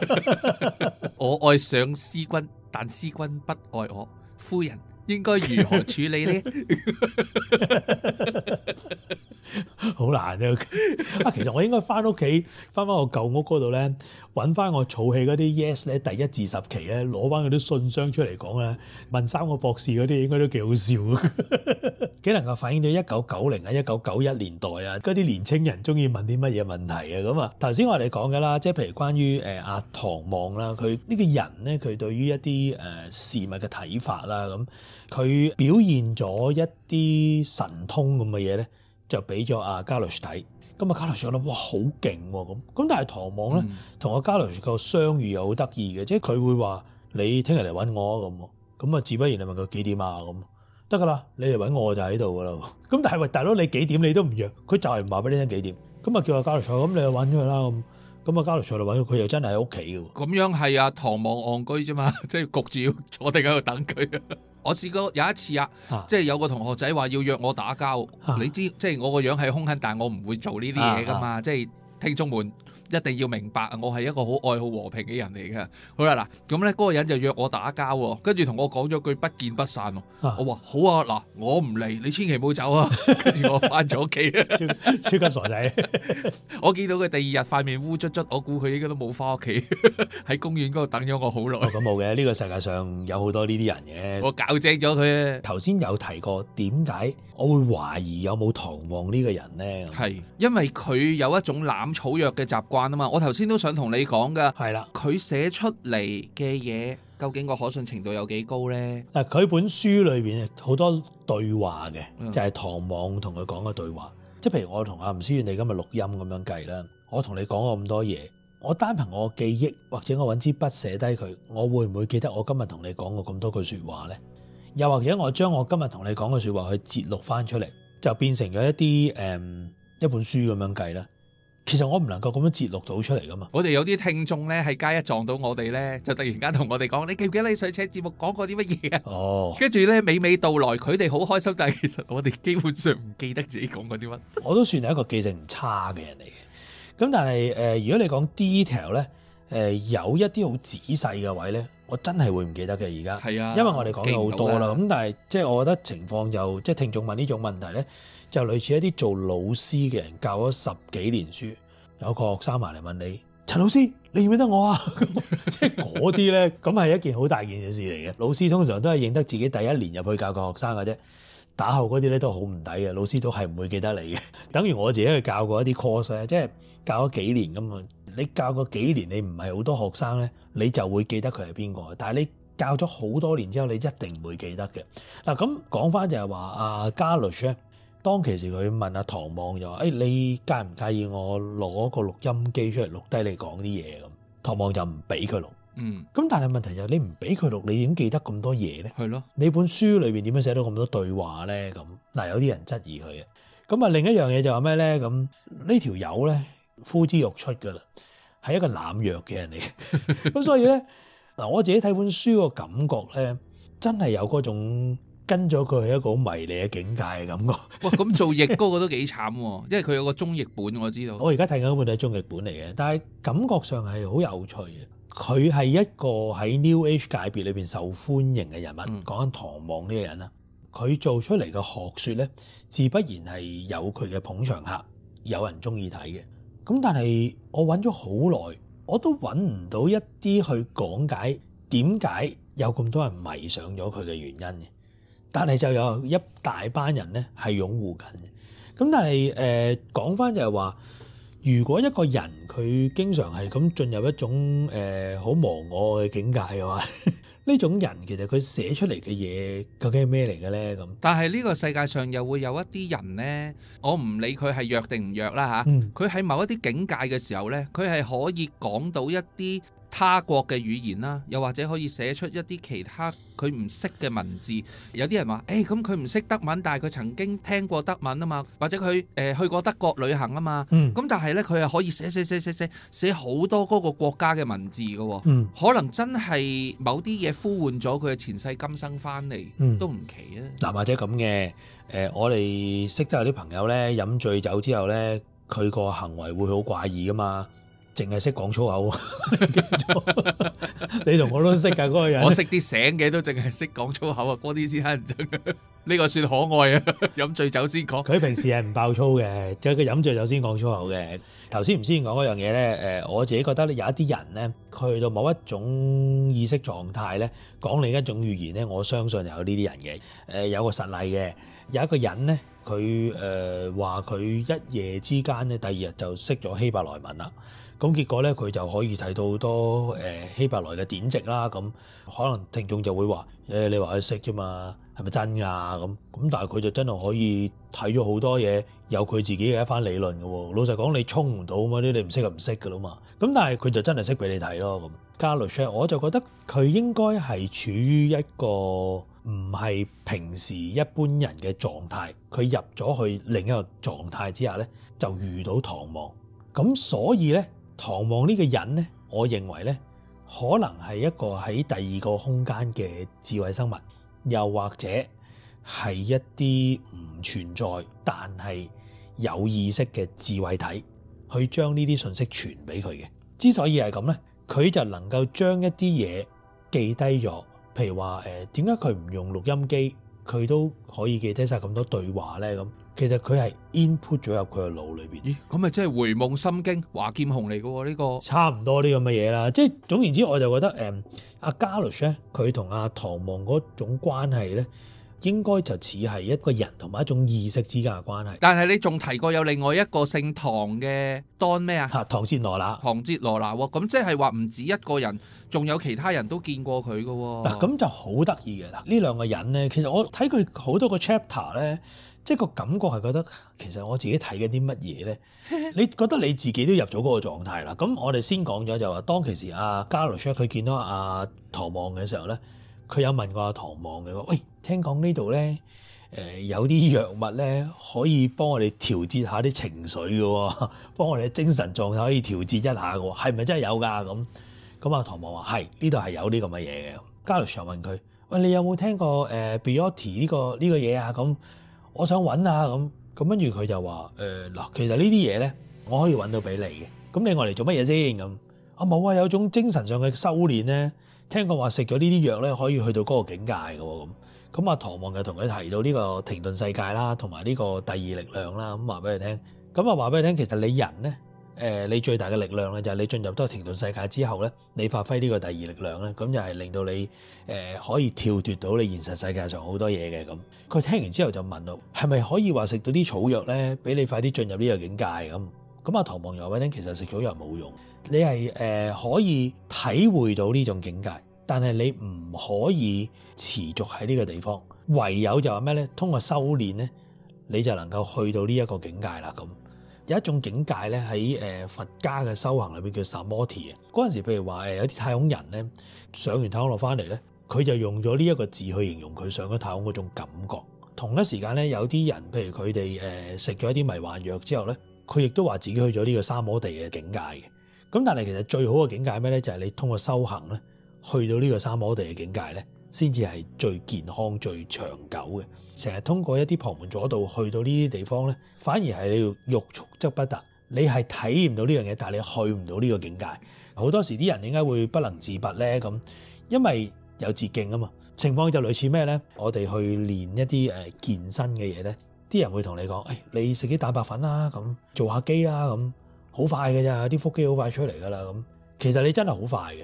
我愛上詩君，但詩君不愛我夫人。應該如何處理咧？好 難啊！其實我應該翻屋企，翻翻我舊屋嗰度咧，揾翻我儲起嗰啲 Yes 咧，第一至十期咧，攞翻佢啲信箱出嚟講啊！問三個博士嗰啲應該都幾好笑幾幾 能夠反映到一九九零啊、一九九一年代啊，嗰啲年青人中意問啲乜嘢問題啊？咁啊，頭先我哋講嘅啦，即係譬如關於阿、呃、唐望啦，佢呢個人咧，佢對於一啲、呃、事物嘅睇法啦，咁。佢表現咗一啲神通咁嘅嘢咧，就俾咗阿加律士睇。咁啊，嗯、加律士覺得哇好勁喎咁。咁但係唐望咧，同阿加律士嘅相遇又好得意嘅，即係佢會話你聽日嚟揾我啊咁。咁啊，自不然你問佢幾點啊咁，得噶啦，你嚟揾我就喺度噶啦。咁但係喂大佬你幾點你都唔約，佢就係唔話俾你聽幾點。咁啊，叫阿加律士，咁你去揾佢啦。咁咁啊，加律士就揾到佢又真係喺屋企喎。咁樣係啊，唐望戇居啫嘛，即係焗住要坐定喺度等佢。我試過有一次啊，即係有個同學仔話要約我打交、啊，你知即係我個樣係兇狠，但我唔會做呢啲嘢㗎嘛，即、啊、係。即係聽眾們一定要明白我係一個好愛好和平嘅人嚟㗎。好啦嗱，咁呢嗰個人就約我打交喎，跟住同我講咗句不見不散。啊、我話好啊，嗱，我唔嚟，你千祈唔好走啊。跟 住我返咗屋企，超級傻仔。 我見到佢第二日塊面烏卒卒，我估佢應該都冇返屋企，喺公園嗰度等咗我好耐。咁冇嘅，呢、呢個世界上有好多呢啲人嘅。我搞正咗佢。頭先有提過，點解我會懷疑有冇唐望呢個人呢？係因為佢有一種草藥嘅習慣啊嘛，我頭先都想同你講噶，係啦，佢寫出嚟嘅嘢究竟個可信程度有幾高呢？誒，佢本書裏邊好多對話嘅、嗯，就係、是、唐望同佢講嘅對話，即係譬如我同阿吳思遠，你今日錄音咁樣計啦，我同你講過咁多嘢，我單憑我嘅記憶或者我搵支筆寫低佢，我會唔會記得我今日同你講過咁多句說話呢？又或者我將我今日同你講嘅說話去節錄翻出嚟，就變成咗一啲誒、嗯、一本書咁樣計啦。其實我唔能夠咁樣截錄到出嚟噶嘛。我哋有啲聽眾咧喺街一撞到我哋咧，就突然間同我哋講：你記唔記得你上次喺節目講過啲乜嘢啊？哦。跟住咧，娓娓道來，佢哋好開心。但係其實我哋基本上唔記得自己講過啲乜。我都算係一個記性唔差嘅人嚟嘅。咁但係如果你講 detail 咧，有一啲好仔細嘅位咧，我真係會唔記得嘅。而家係啊，因為我哋講咗好多啦。咁但係即係我覺得情況就即係聽眾問呢種問題咧。就類似一啲做老師嘅人教咗十幾年書，有個學生埋嚟問你： 陳老師，你認唔認得我啊？即係嗰啲咧，咁係一件好大件事嚟嘅。老師通常都係認得自己第一年入去教個學生嘅啫，打後嗰啲咧都好唔抵嘅。老師都係唔會記得你嘅。 等於我自己去教過一啲 course 啊，即係教咗幾年咁。你教過幾年，你唔係好多學生咧，你就會記得佢係邊個。但係你教咗好多年之後，你一定唔會記得嘅。嗱，咁講翻就係話啊加律呢。咧。當其時佢問阿唐望就話，哎，你介唔介意我攞個錄音機出嚟錄低你講啲嘢咁？唐望就唔俾佢錄。嗯，咁但係問題就係，你唔俾佢錄，你已經記得咁多嘢咧？係咯，你本書裏面點樣寫到咁多對話咧？咁，嗯、嗱、嗯，有啲人質疑佢咁啊，另一樣嘢就話咩咧？咁，嗯，這個、呢條友咧，呼之欲出噶啦，係一個濫藥嘅人嚟。咁 所以咧，嗱，我自己睇本書個感覺咧，真係有嗰種。跟咗佢係一個好迷離嘅境界嘅感覺。哇！咁做譯嗰個，佢都幾慘，因為佢有個中譯本，我知道。我而家睇緊本都係中譯本嚟嘅，但係感覺上係好有趣嘅。佢係一個喺 New Age 界別裏面受歡迎嘅人物。講、嗯、緊唐望呢個人啦，佢做出嚟嘅學説咧，自不然係有佢嘅捧場客，有人中意睇嘅。咁但係我揾咗好耐，我都揾唔到一啲去講解點解有咁多人迷上咗佢嘅原因嘅。但係就有一大班人咧係擁護緊嘅，咁但係誒講返就係話，如果一個人佢經常係咁進入一種誒好無我嘅境界嘅話，呢種人其實佢寫出嚟嘅嘢究竟係咩嚟嘅咧？咁但係呢個世界上又會有一啲人咧，我唔理佢係弱定唔弱啦吓，佢喺某一啲境界嘅時候咧，佢係可以講到一啲。他國嘅語言啦，又或者可以寫出一啲其他佢唔識嘅文字。有啲人話，誒、欸，咁佢唔識德文，但係佢曾經聽過德文啊嘛，或者佢誒、呃、去過德國旅行啊嘛。咁、嗯、但係呢，佢係可以寫寫寫寫寫寫好多嗰個國家嘅文字㗎、嗯。可能真係某啲嘢呼喚咗佢嘅前世今生翻嚟、嗯，都唔奇啊！嗱，或者咁嘅，誒，我哋識得有啲朋友呢，飲醉酒之後呢，佢個行為會好怪異噶嘛。淨係識講粗口，你同 我都識噶嗰、嗰個人，我識啲醒嘅都淨係識講粗口啊！嗰啲先乞人憎，呢 個算可愛啊！飲醉酒先講。佢平時係唔爆粗嘅，就係佢飲醉酒先講粗口嘅。頭先唔先講嗰樣嘢咧？誒，我自己覺得咧，有一啲人咧，去到某一種意識狀態咧，講另一種語言咧，我相信有呢啲人嘅。誒，有個實例嘅，有一個人咧，佢誒話佢一夜之間咧，第二日就識咗希伯來文啦。咁結果咧，佢就可以睇到好多誒希伯來嘅典籍啦。咁可能聽眾就會話：你話佢識啫嘛，係咪真㗎？咁咁但係佢就真係可以睇咗好多嘢，有佢自己嘅一番理論嘅喎。老實講，你冲唔到嘛啲，你唔識就唔識㗎啦嘛。咁但係佢就真係識俾你睇咯。咁加魯舍，我就覺得佢應該係處於一個唔係平時一般人嘅狀態，佢入咗去另一個狀態之下咧，就遇到唐望。咁所以咧。唐望呢個人呢，我認為呢，可能係一個喺第二個空間嘅智慧生物，又或者係一啲唔存在但係有意識嘅智慧體，去將呢啲信息傳俾佢嘅。之所以係咁呢，佢就能夠將一啲嘢記低咗，譬如話誒，點解佢唔用錄音機，佢都可以記低晒咁多對話呢。咁。其實佢係 input 咗入佢嘅腦裏邊。咦？咁咪即係回夢心經，華劍雄嚟嘅呢個？差唔多呢咁嘅嘢啦。即係總言之，我就覺得誒，阿加洛 sh 咧，佢同阿唐望嗰種關係咧，應該就似係一個人同埋一種意識之間嘅關係。但係你仲提過有另外一個姓唐嘅 Don 咩啊？吓，唐哲羅娜。唐哲羅娜，咁即係話唔止一個人，仲有其他人都見過佢嘅。嗱，咁就好得意嘅啦。呢兩個人咧，其實我睇佢好多個 chapter 咧。即係個感覺係覺得其實我自己睇緊啲乜嘢咧？你覺得你自己都入咗嗰個狀態啦。咁我哋先講咗就話，當其時阿加洛爵佢見到阿唐望嘅時候咧，佢有問過阿唐望嘅，喂，聽講呢度咧，誒有啲藥物咧可以幫我哋調節下啲情緒嘅，幫我哋嘅精神狀態可以調節一下嘅，係咪真係有㗎？咁咁阿唐望話係，呢度係有呢咁嘅嘢嘅。加洛爵問佢，喂，你有冇聽過誒 Peyote 呢個呢、呢個嘢啊？咁我想揾啊咁，咁跟住佢就話：誒、呃、嗱，其實呢啲嘢咧，我可以揾到俾你嘅。咁你愛嚟做乜嘢先？咁啊冇啊，有種精神上嘅修煉咧，聽講話食咗呢啲藥咧，可以去到嗰個境界嘅。咁咁啊，唐望就同佢提到呢個停頓世界啦，同埋呢個第二力量啦，咁話俾佢聽。咁啊話俾佢聽，其實你人咧。誒，你最大嘅力量咧，就係你進入多停頓世界之後咧，你發揮呢個第二力量咧，咁就係令到你誒可以跳脱到你現實世界上好多嘢嘅咁。佢聽完之後就問我：係咪可以話食到啲草藥咧，俾你快啲進入呢個境界咁？咁阿唐望又話咧：其實食草藥冇用，你係誒可以體會到呢種境界，但係你唔可以持續喺呢個地方，唯有就話咩咧？通過修煉咧，你就能夠去到呢一個境界啦咁。有一種境界咧，喺佛家嘅修行裏面，叫三摩地啊！嗰陣時，譬如話有啲太空人咧，上完太空落翻嚟咧，佢就用咗呢一個字去形容佢上咗太空嗰種感覺。同一時間咧，有啲人譬如佢哋食咗一啲迷幻藥之後咧，佢亦都話自己去咗呢個三摩地嘅境界嘅。咁但係其實最好嘅境界係咩咧？就係、是、你通過修行咧去到呢個三摩地嘅境界咧。先至係最健康、最長久嘅。成日通過一啲旁門左道去到呢啲地方咧，反而係你要欲速則不達。你係體驗到呢樣嘢，但你去唔到呢個境界。好多時啲人點解會不能自拔呢？咁因為有捷徑啊嘛。情況就類似咩呢？我哋去練一啲健身嘅嘢呢，啲人會同你講：誒、哎，你食啲蛋白粉啦，咁做下機啦，咁好快㗎咋，啲腹肌好快出嚟㗎啦。咁其實你真係好快嘅。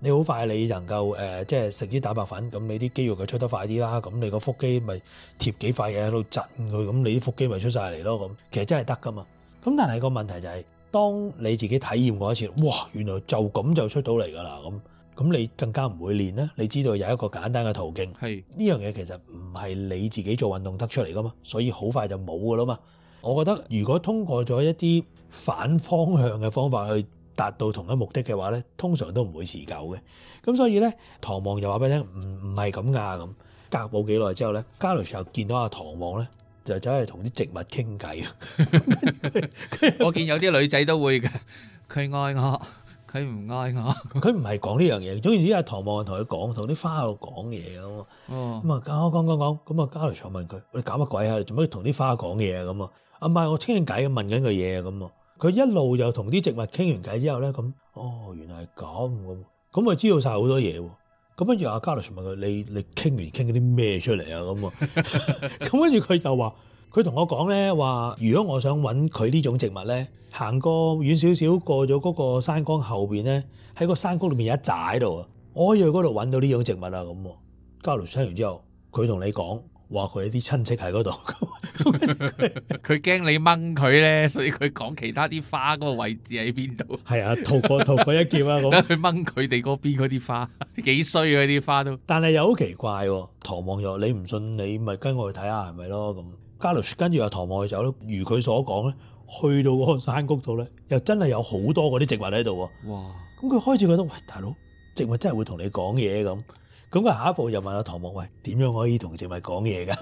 你好快，你能夠誒、呃，即係食啲蛋白粉，咁你啲肌肉就出得快啲啦。咁你個腹肌咪貼幾塊嘢喺度震佢，咁你啲腹肌咪出晒嚟囉。咁其實真係得㗎嘛。咁但係個問題就係、是，當你自己體驗過一次，哇，原來就咁就出到嚟㗎啦。咁咁你更加唔會練啦。你知道有一個簡單嘅途徑，係呢樣嘢其實唔係你自己做運動得出嚟㗎嘛。所以好快就冇㗎啦嘛。我覺得如果通過咗一啲反方向嘅方法去。達到同一目的嘅話咧，通常都唔會持久嘅。咁所以咧，唐望就話俾你聽，唔唔係咁噶咁。隔冇幾耐之後咧，加勒祥又見到阿唐望咧，就走去同啲植物傾偈。 我見有啲女仔都會嘅，佢愛我，佢唔愛我。佢唔係講呢樣嘢，總然之阿唐望同佢講，同啲花喺度講嘢咁啊。咁啊講講講咁啊加勒祥問佢：你搞乜鬼啊？做乜同啲花講嘢啊？咁啊？唔係我傾緊偈，問緊個嘢啊咁啊。嗯佢一路又同啲植物傾完偈之後咧，咁哦，原來係咁咁，咁佢知道晒好多嘢喎。咁跟住阿加羅樹問佢：你你傾完傾啲咩出嚟啊？咁 咁 跟住佢就話：佢同我講咧，話如果我想揾佢呢種植物咧，行過遠少少過咗嗰個山崗後邊咧，喺個山谷裏面有一寨喺度，我可以去嗰度揾到呢種植物啊。咁，加羅樹聽完之後，佢同你講。話佢啲親戚喺嗰度，佢 驚 你掹佢咧，所以佢講其他啲花嗰個位置喺邊度。係 啊，逃過逃過一劫啊，咁佢掹佢哋嗰邊嗰啲花，幾衰嗰啲花都。但係又好奇怪，唐望又你唔信，你咪跟我去睇下係咪咯咁。加洛斯跟住又唐望去走咯，如佢所講咧，去到嗰個山谷度咧，又真係有好多嗰啲植物喺度喎。哇！咁佢開始覺得喂，大佬植物真係會同你講嘢咁。咁佢下一步又問阿唐望喂，點樣可以同植物講嘢噶？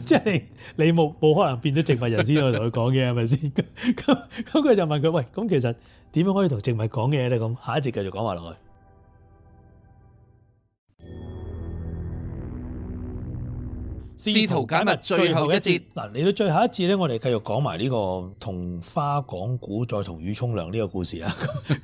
即 係 你冇冇可能變咗植物人先可以同佢講嘢係咪先？咁咁佢就問佢喂，咁其實點樣可以同植物講嘢咧？咁 下一節繼續講埋落去，試圖解密最後一節。嗱 嚟一 到最後一節咧，我哋繼續講埋呢個同花講古再同雨沖涼呢個故事啊！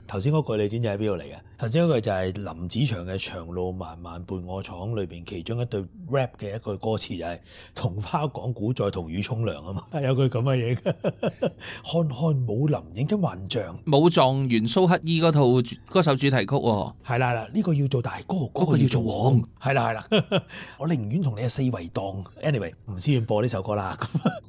頭先嗰句你剪就喺邊度嚟嘅？頭先一個就係林子祥嘅《長路漫漫伴我闖》裏邊其中一對 rap 嘅一句歌詞就係、是、同花講古，再同魚沖涼啊嘛，係有句咁嘅嘢嘅。看看武林影出幻象」，武狀元蘇乞兒嗰套嗰首主題曲喎。係啦啦，呢、這個要做大哥，嗰、那個要做王。係啦係啦，是是 我寧願同你係四圍蕩。anyway，唔知先播呢首歌啦。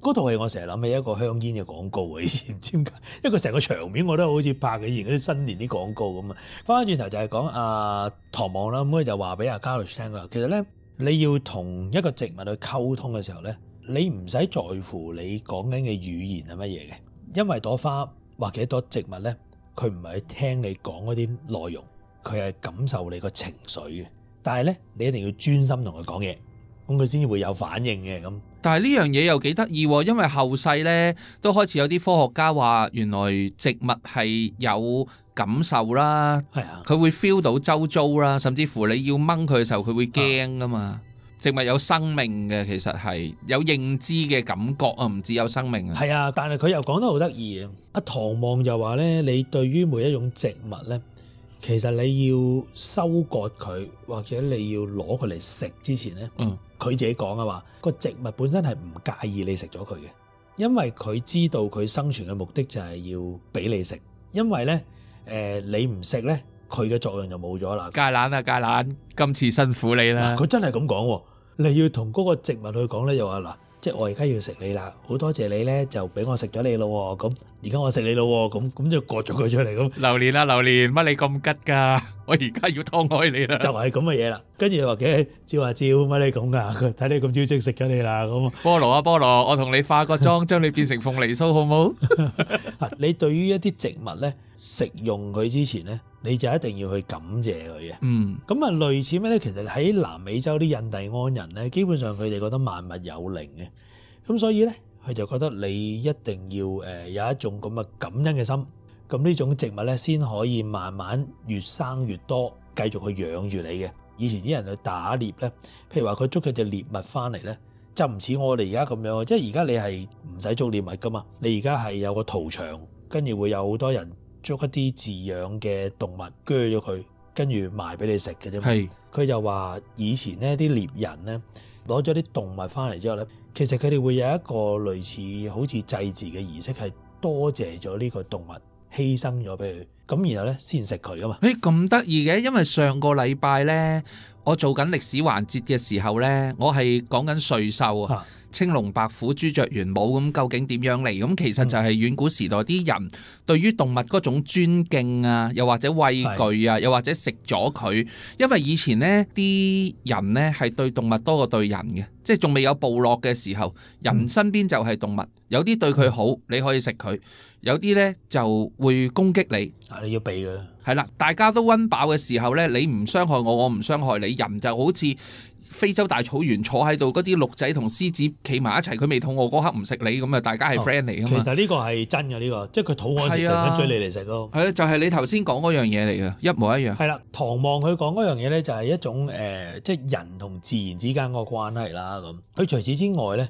嗰套係我成日諗起一個香煙嘅廣告啊，以前點解？因為佢成個場面我都好似拍嘅以前啲新年啲廣告咁啊，翻頭就係講阿唐望啦，咁就話俾阿嘉聽㗎。其實咧，你要同一個植物去溝通嘅時候咧，你唔使在乎你講緊嘅語言係乜嘢嘅，因為朵花或者一朵植物咧，佢唔係去聽你講嗰啲內容，佢係感受你個情緒嘅。但係咧，你一定要專心同佢講嘢，咁佢先會有反應嘅咁。但係呢樣嘢又幾得意，因為後世咧都開始有啲科學家話，原來植物係有感受啦，係啊，佢會 feel 到周遭啦，甚至乎你要掹佢嘅時候，佢會驚噶嘛。植物有生命嘅，其實係有認知嘅感覺啊，唔只有生命啊。係啊，但係佢又講得好得意啊。阿唐望就話咧，你對於每一種植物咧，其實你要收割佢或者你要攞佢嚟食之前咧，嗯。佢自己講啊嘛，個植物本身係唔介意你食咗佢嘅，因為佢知道佢生存嘅目的就係要俾你食，因為咧誒你唔食咧，佢嘅作用就冇咗啦。芥蘭啊芥蘭，今次辛苦你啦。佢真係咁講喎，你要同嗰個植物去講咧，又話嗱，即係我而家要食你啦，好多謝你咧，就俾我食咗你咯喎咁。而家我食你咯，咁咁就割咗佢出嚟咁。榴蓮啊，榴蓮，乜你咁㓤噶？我而家要劏開你啦。就係咁嘅嘢啦。跟住又話嘅，照啊照，乜你咁噶？睇你咁招積，食咗你啦咁。菠蘿啊，菠蘿，我同你化個妝，將你變成鳳梨酥好唔好？你對於一啲植物咧，食用佢之前咧，你就一定要去感謝佢嘅。嗯。咁啊，類似咩咧？其實喺南美洲啲印第安人咧，基本上佢哋覺得萬物有靈嘅。咁所以咧。佢就覺得你一定要誒有一種咁嘅感恩嘅心，咁呢種植物咧先可以慢慢越生越多，繼續去養住你嘅。以前啲人去打獵咧，譬如話佢捉佢隻獵物翻嚟咧，就唔似我哋而家咁樣啊！即係而家你係唔使捉獵物噶嘛？你而家係有個屠場，跟住會有好多人捉一啲飼養嘅動物鋸咗佢，跟住賣俾你食嘅啫。係佢就話以前呢啲獵人咧。攞咗啲動物翻嚟之後呢，其實佢哋會有一個類似好似祭祀嘅儀式，係多謝咗呢個動物犧牲咗俾佢。咁然後呢，先食佢噶嘛。誒咁得意嘅，因為上個禮拜呢，我做緊歷史環節嘅時候呢，我係講緊瑞獸。啊。青龍白虎朱雀、玄武咁，究竟點樣嚟？咁其實就係遠古時代啲人對於動物嗰種尊敬啊，又或者畏懼啊，又或者食咗佢。因為以前呢啲人呢，係對動物多過對人嘅，即係仲未有部落嘅時候，人身邊就係動物，有啲對佢好，你可以食佢；有啲呢，就會攻擊你。你要避嘅。係啦，大家都温飽嘅時候呢，你唔傷害我，我唔傷害你。人就好似。非洲大草原坐喺度，嗰啲鹿仔同獅子企埋一齊，佢未肚餓嗰刻唔食你，咁啊大家係 friend 嚟嘛，其實呢個係真嘅，呢、這個即係佢肚餓時食啦，啊、追你嚟食咯。係咯、啊，就係、是、你頭先講嗰樣嘢嚟嘅，一模一樣。係啦、啊，唐望佢講嗰樣嘢呢，就係一種誒，即係人同自然之間個關係啦。咁佢除此之外呢，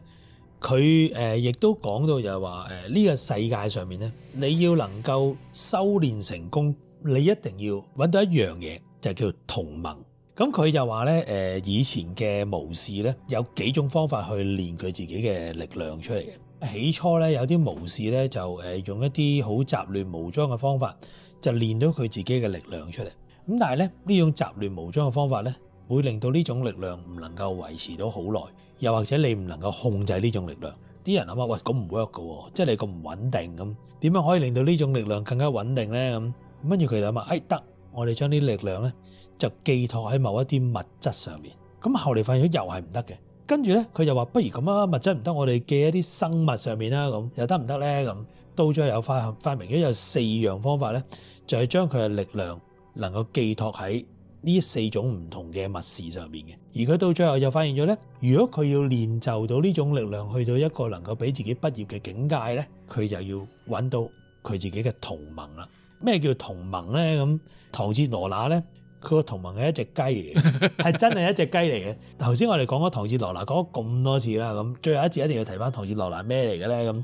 佢誒亦都講到就係話，誒、這、呢個世界上面呢，你要能夠修煉成功，你一定要搵到一樣嘢，就係叫同盟。咁佢就話咧，誒以前嘅巫士咧，有幾種方法去練佢自己嘅力量出嚟嘅。起初咧，有啲巫士咧就誒用一啲好雜亂無章嘅方法，就練到佢自己嘅力量出嚟。咁但係咧，呢種雜亂無章嘅方法咧，會令到呢種力量唔能夠維持到好耐，又或者你唔能夠控制呢種力量。啲人諗啊，喂，咁唔 work 㗎喎，即係你咁唔穩定咁，點樣可以令到呢種力量更加穩定咧？咁跟住佢哋諗啊，誒得，我哋將啲力量咧，就寄託喺某一啲物質上面，咁後嚟發現咗又係唔得嘅。跟住咧，佢又話：不如咁啊，物質唔得，我哋寄一啲生物上面啦，咁又得唔得咧？咁到最後有發發明咗有四樣方法咧，就係將佢嘅力量能夠寄託喺呢四種唔同嘅物事上面嘅。而佢到最後又發現咗咧，如果佢要練就到呢種力量，去到一個能夠俾自己畢業嘅境界咧，佢就要揾到佢自己嘅同盟啦。咩叫同盟咧？咁唐哲羅那咧？佢個同盟係一隻雞嚟嘅，係 真係一隻雞嚟嘅。頭先我哋講咗唐志羅娜講咗咁多次啦，咁最後一次一定要提翻唐志羅娜咩嚟嘅咧？咁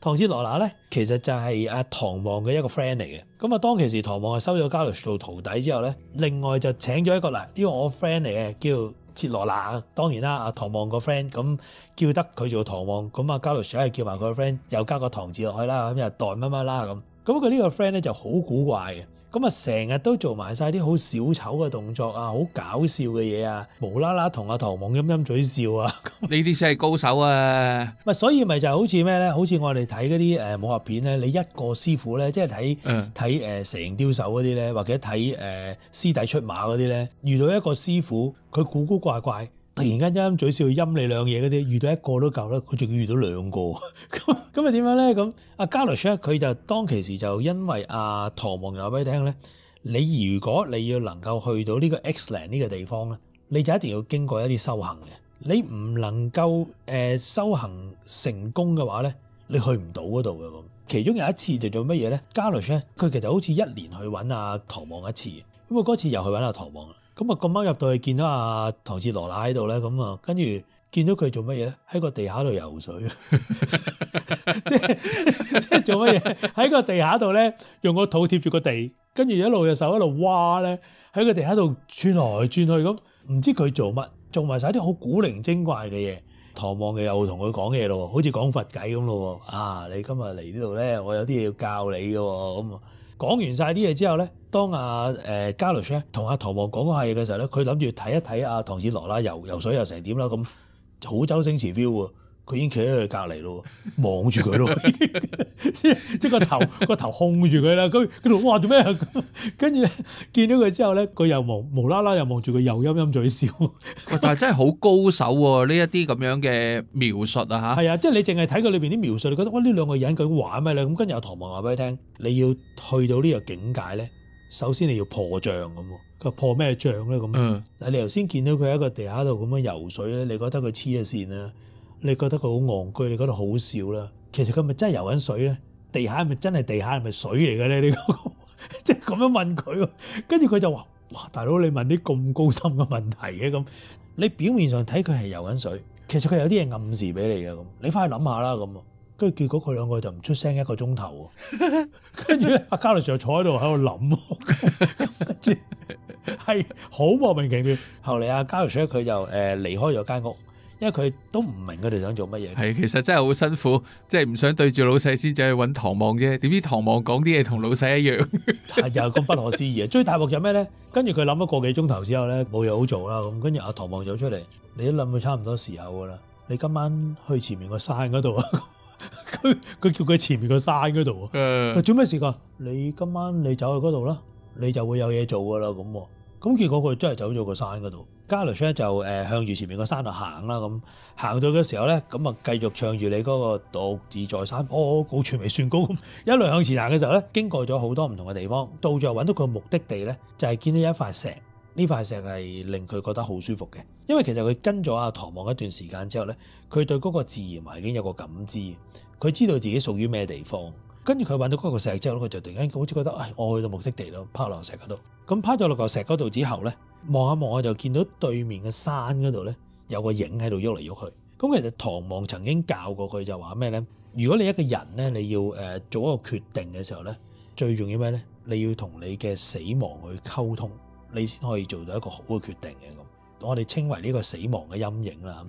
唐志羅娜咧，其實就係阿唐望嘅一個 friend 嚟嘅。咁啊，當其時唐望收咗加洛士做徒弟之後咧，另外就請咗一個嗱，呢個我 friend 嚟嘅叫切羅娜。當然啦，阿唐望個 friend，咁叫得佢做唐望，咁啊加洛士係叫埋佢個 friend，又加個唐字落去啦，咁又代乜乜啦咁。咁佢呢個 friend 咧就好古怪嘅，咁啊成日都做埋晒啲好小丑嘅動作啊，好搞笑嘅嘢啊，無啦啦同阿唐望陰陰嘴笑啊，呢啲先係高手啊，咪所以咪就好似咩咧？好似我哋睇嗰啲誒武俠片咧，你一個師傅咧，即係睇睇誒蛇形刁手嗰啲咧，或者睇誒、呃、師弟出馬嗰啲咧，遇到一個師傅，佢古古怪怪。突然間陰嘴笑陰你兩嘢嗰啲，遇到一個都夠啦，佢仲要遇到兩個，咁咁咪點樣咧？咁阿加洛雪佢就當其時就因為阿唐望又話俾佢聽咧，你如果你要能夠去到呢個 X 零呢個地方咧，你就一定要經過一啲修行嘅，你唔能夠誒、呃、修行成功嘅話咧，你去唔到嗰度嘅咁。其中有一次就做乜嘢咧？加洛雪佢其實好似一年去揾阿唐望一次，咁佢嗰次又去揾阿唐望。咁啊，咁啱入到去見到阿唐志羅奶喺度咧，咁啊，跟住見到佢做乜嘢咧？喺個地下度游水，即係做乜嘢？喺個地下度咧，用個肚貼住個地，跟住一路用手一路挖咧，喺個地下度轉來轉去，咁唔知佢做乜，做埋曬啲好古靈精怪嘅嘢。唐望嘅又同佢講嘢咯，好似講佛偈咁咯，啊！你今日嚟呢度咧，我有啲嘢要教你嘅，咁啊。講完曬啲嘢之後呢，當阿誒加洛士咧，同阿唐望講嗰下嘢嘅時候呢，佢諗住睇一睇阿唐子羅啦，游游水又成點啦，咁好周星馳 feel 喎。佢已經企喺佢隔離咯，望住佢咯，即即個頭個頭控住佢啦。佢佢話做咩？跟住見到佢之後咧，佢又無無啦啦，又望住佢，又陰陰嘴笑。但係真係好高手喎，呢一啲咁樣嘅描述啊嚇。係啊，即係你淨係睇佢裏邊啲描述，你覺得哇呢兩個人佢玩咩咧？咁跟住阿唐望話俾你聽，你要去到呢個境界咧，首先你要破障咁。佢破咩障咧？咁嗯，嗱你頭先見到佢喺個地下度咁樣游水咧，你覺得佢黐咗線啊？你覺得佢好戇居，你覺得好笑啦。其實佢咪真係游緊水咧？地下係咪真係地下，係咪水嚟嘅咧？你即係咁樣問佢，跟住佢就話：哇，大佬你問啲咁高深嘅問題嘅咁。你表面上睇佢係游緊水，其實佢有啲嘢暗示俾你嘅咁。你快去諗下啦咁。跟住結果佢兩個就唔出聲一個鐘頭。跟住阿加洛士就坐喺度喺度諗，係 好 莫名其妙。後嚟阿加洛士佢就誒離開咗間屋。因為佢都唔明佢哋想做乜嘢。係，其實真係好辛苦，即係唔想對住老細先，就去揾唐望啫。點知唐望講啲嘢同老細一樣，又咁不可思議。 最大鑊就咩咧？跟住佢諗咗個幾鐘頭之後咧，冇嘢好做啦。咁跟住阿唐望走出嚟，你一諗佢差唔多時候噶啦。你今晚去前面個山嗰度啊？佢 佢叫佢前面個山嗰度。佢做咩事噶？你今晚你走去嗰度啦，你就會有嘢做噶啦。咁，咁結果佢真係走咗個山嗰度。加勒川就誒向住前面個山度行啦，咁行到嘅時候咧，咁啊繼續唱住你嗰、那個獨自在山坡，我、哦、高處未算高，一路向前行嘅時候咧，經過咗好多唔同嘅地方，到最後揾到佢目的地咧，就係、是、見到一塊石，呢塊石係令佢覺得好舒服嘅，因為其實佢跟咗阿唐望一段時間之後咧，佢對嗰個自然環境有個感知，佢知道自己屬於咩地方。跟住佢搵到嗰個石之後佢就突然間好似覺得，唉、哎，我去到目的地咯，趴落石嗰度。咁趴咗落個石嗰度之後呢望一望我就見到對面嘅山嗰度呢有個影喺度喐嚟喐去。咁其實唐望曾經教過佢就話咩呢？如果你一個人呢，你要誒做一個決定嘅時候呢，最重要咩呢？你要同你嘅死亡去溝通，你先可以做到一個好嘅決定嘅。咁我哋稱為呢個死亡嘅陰影啦。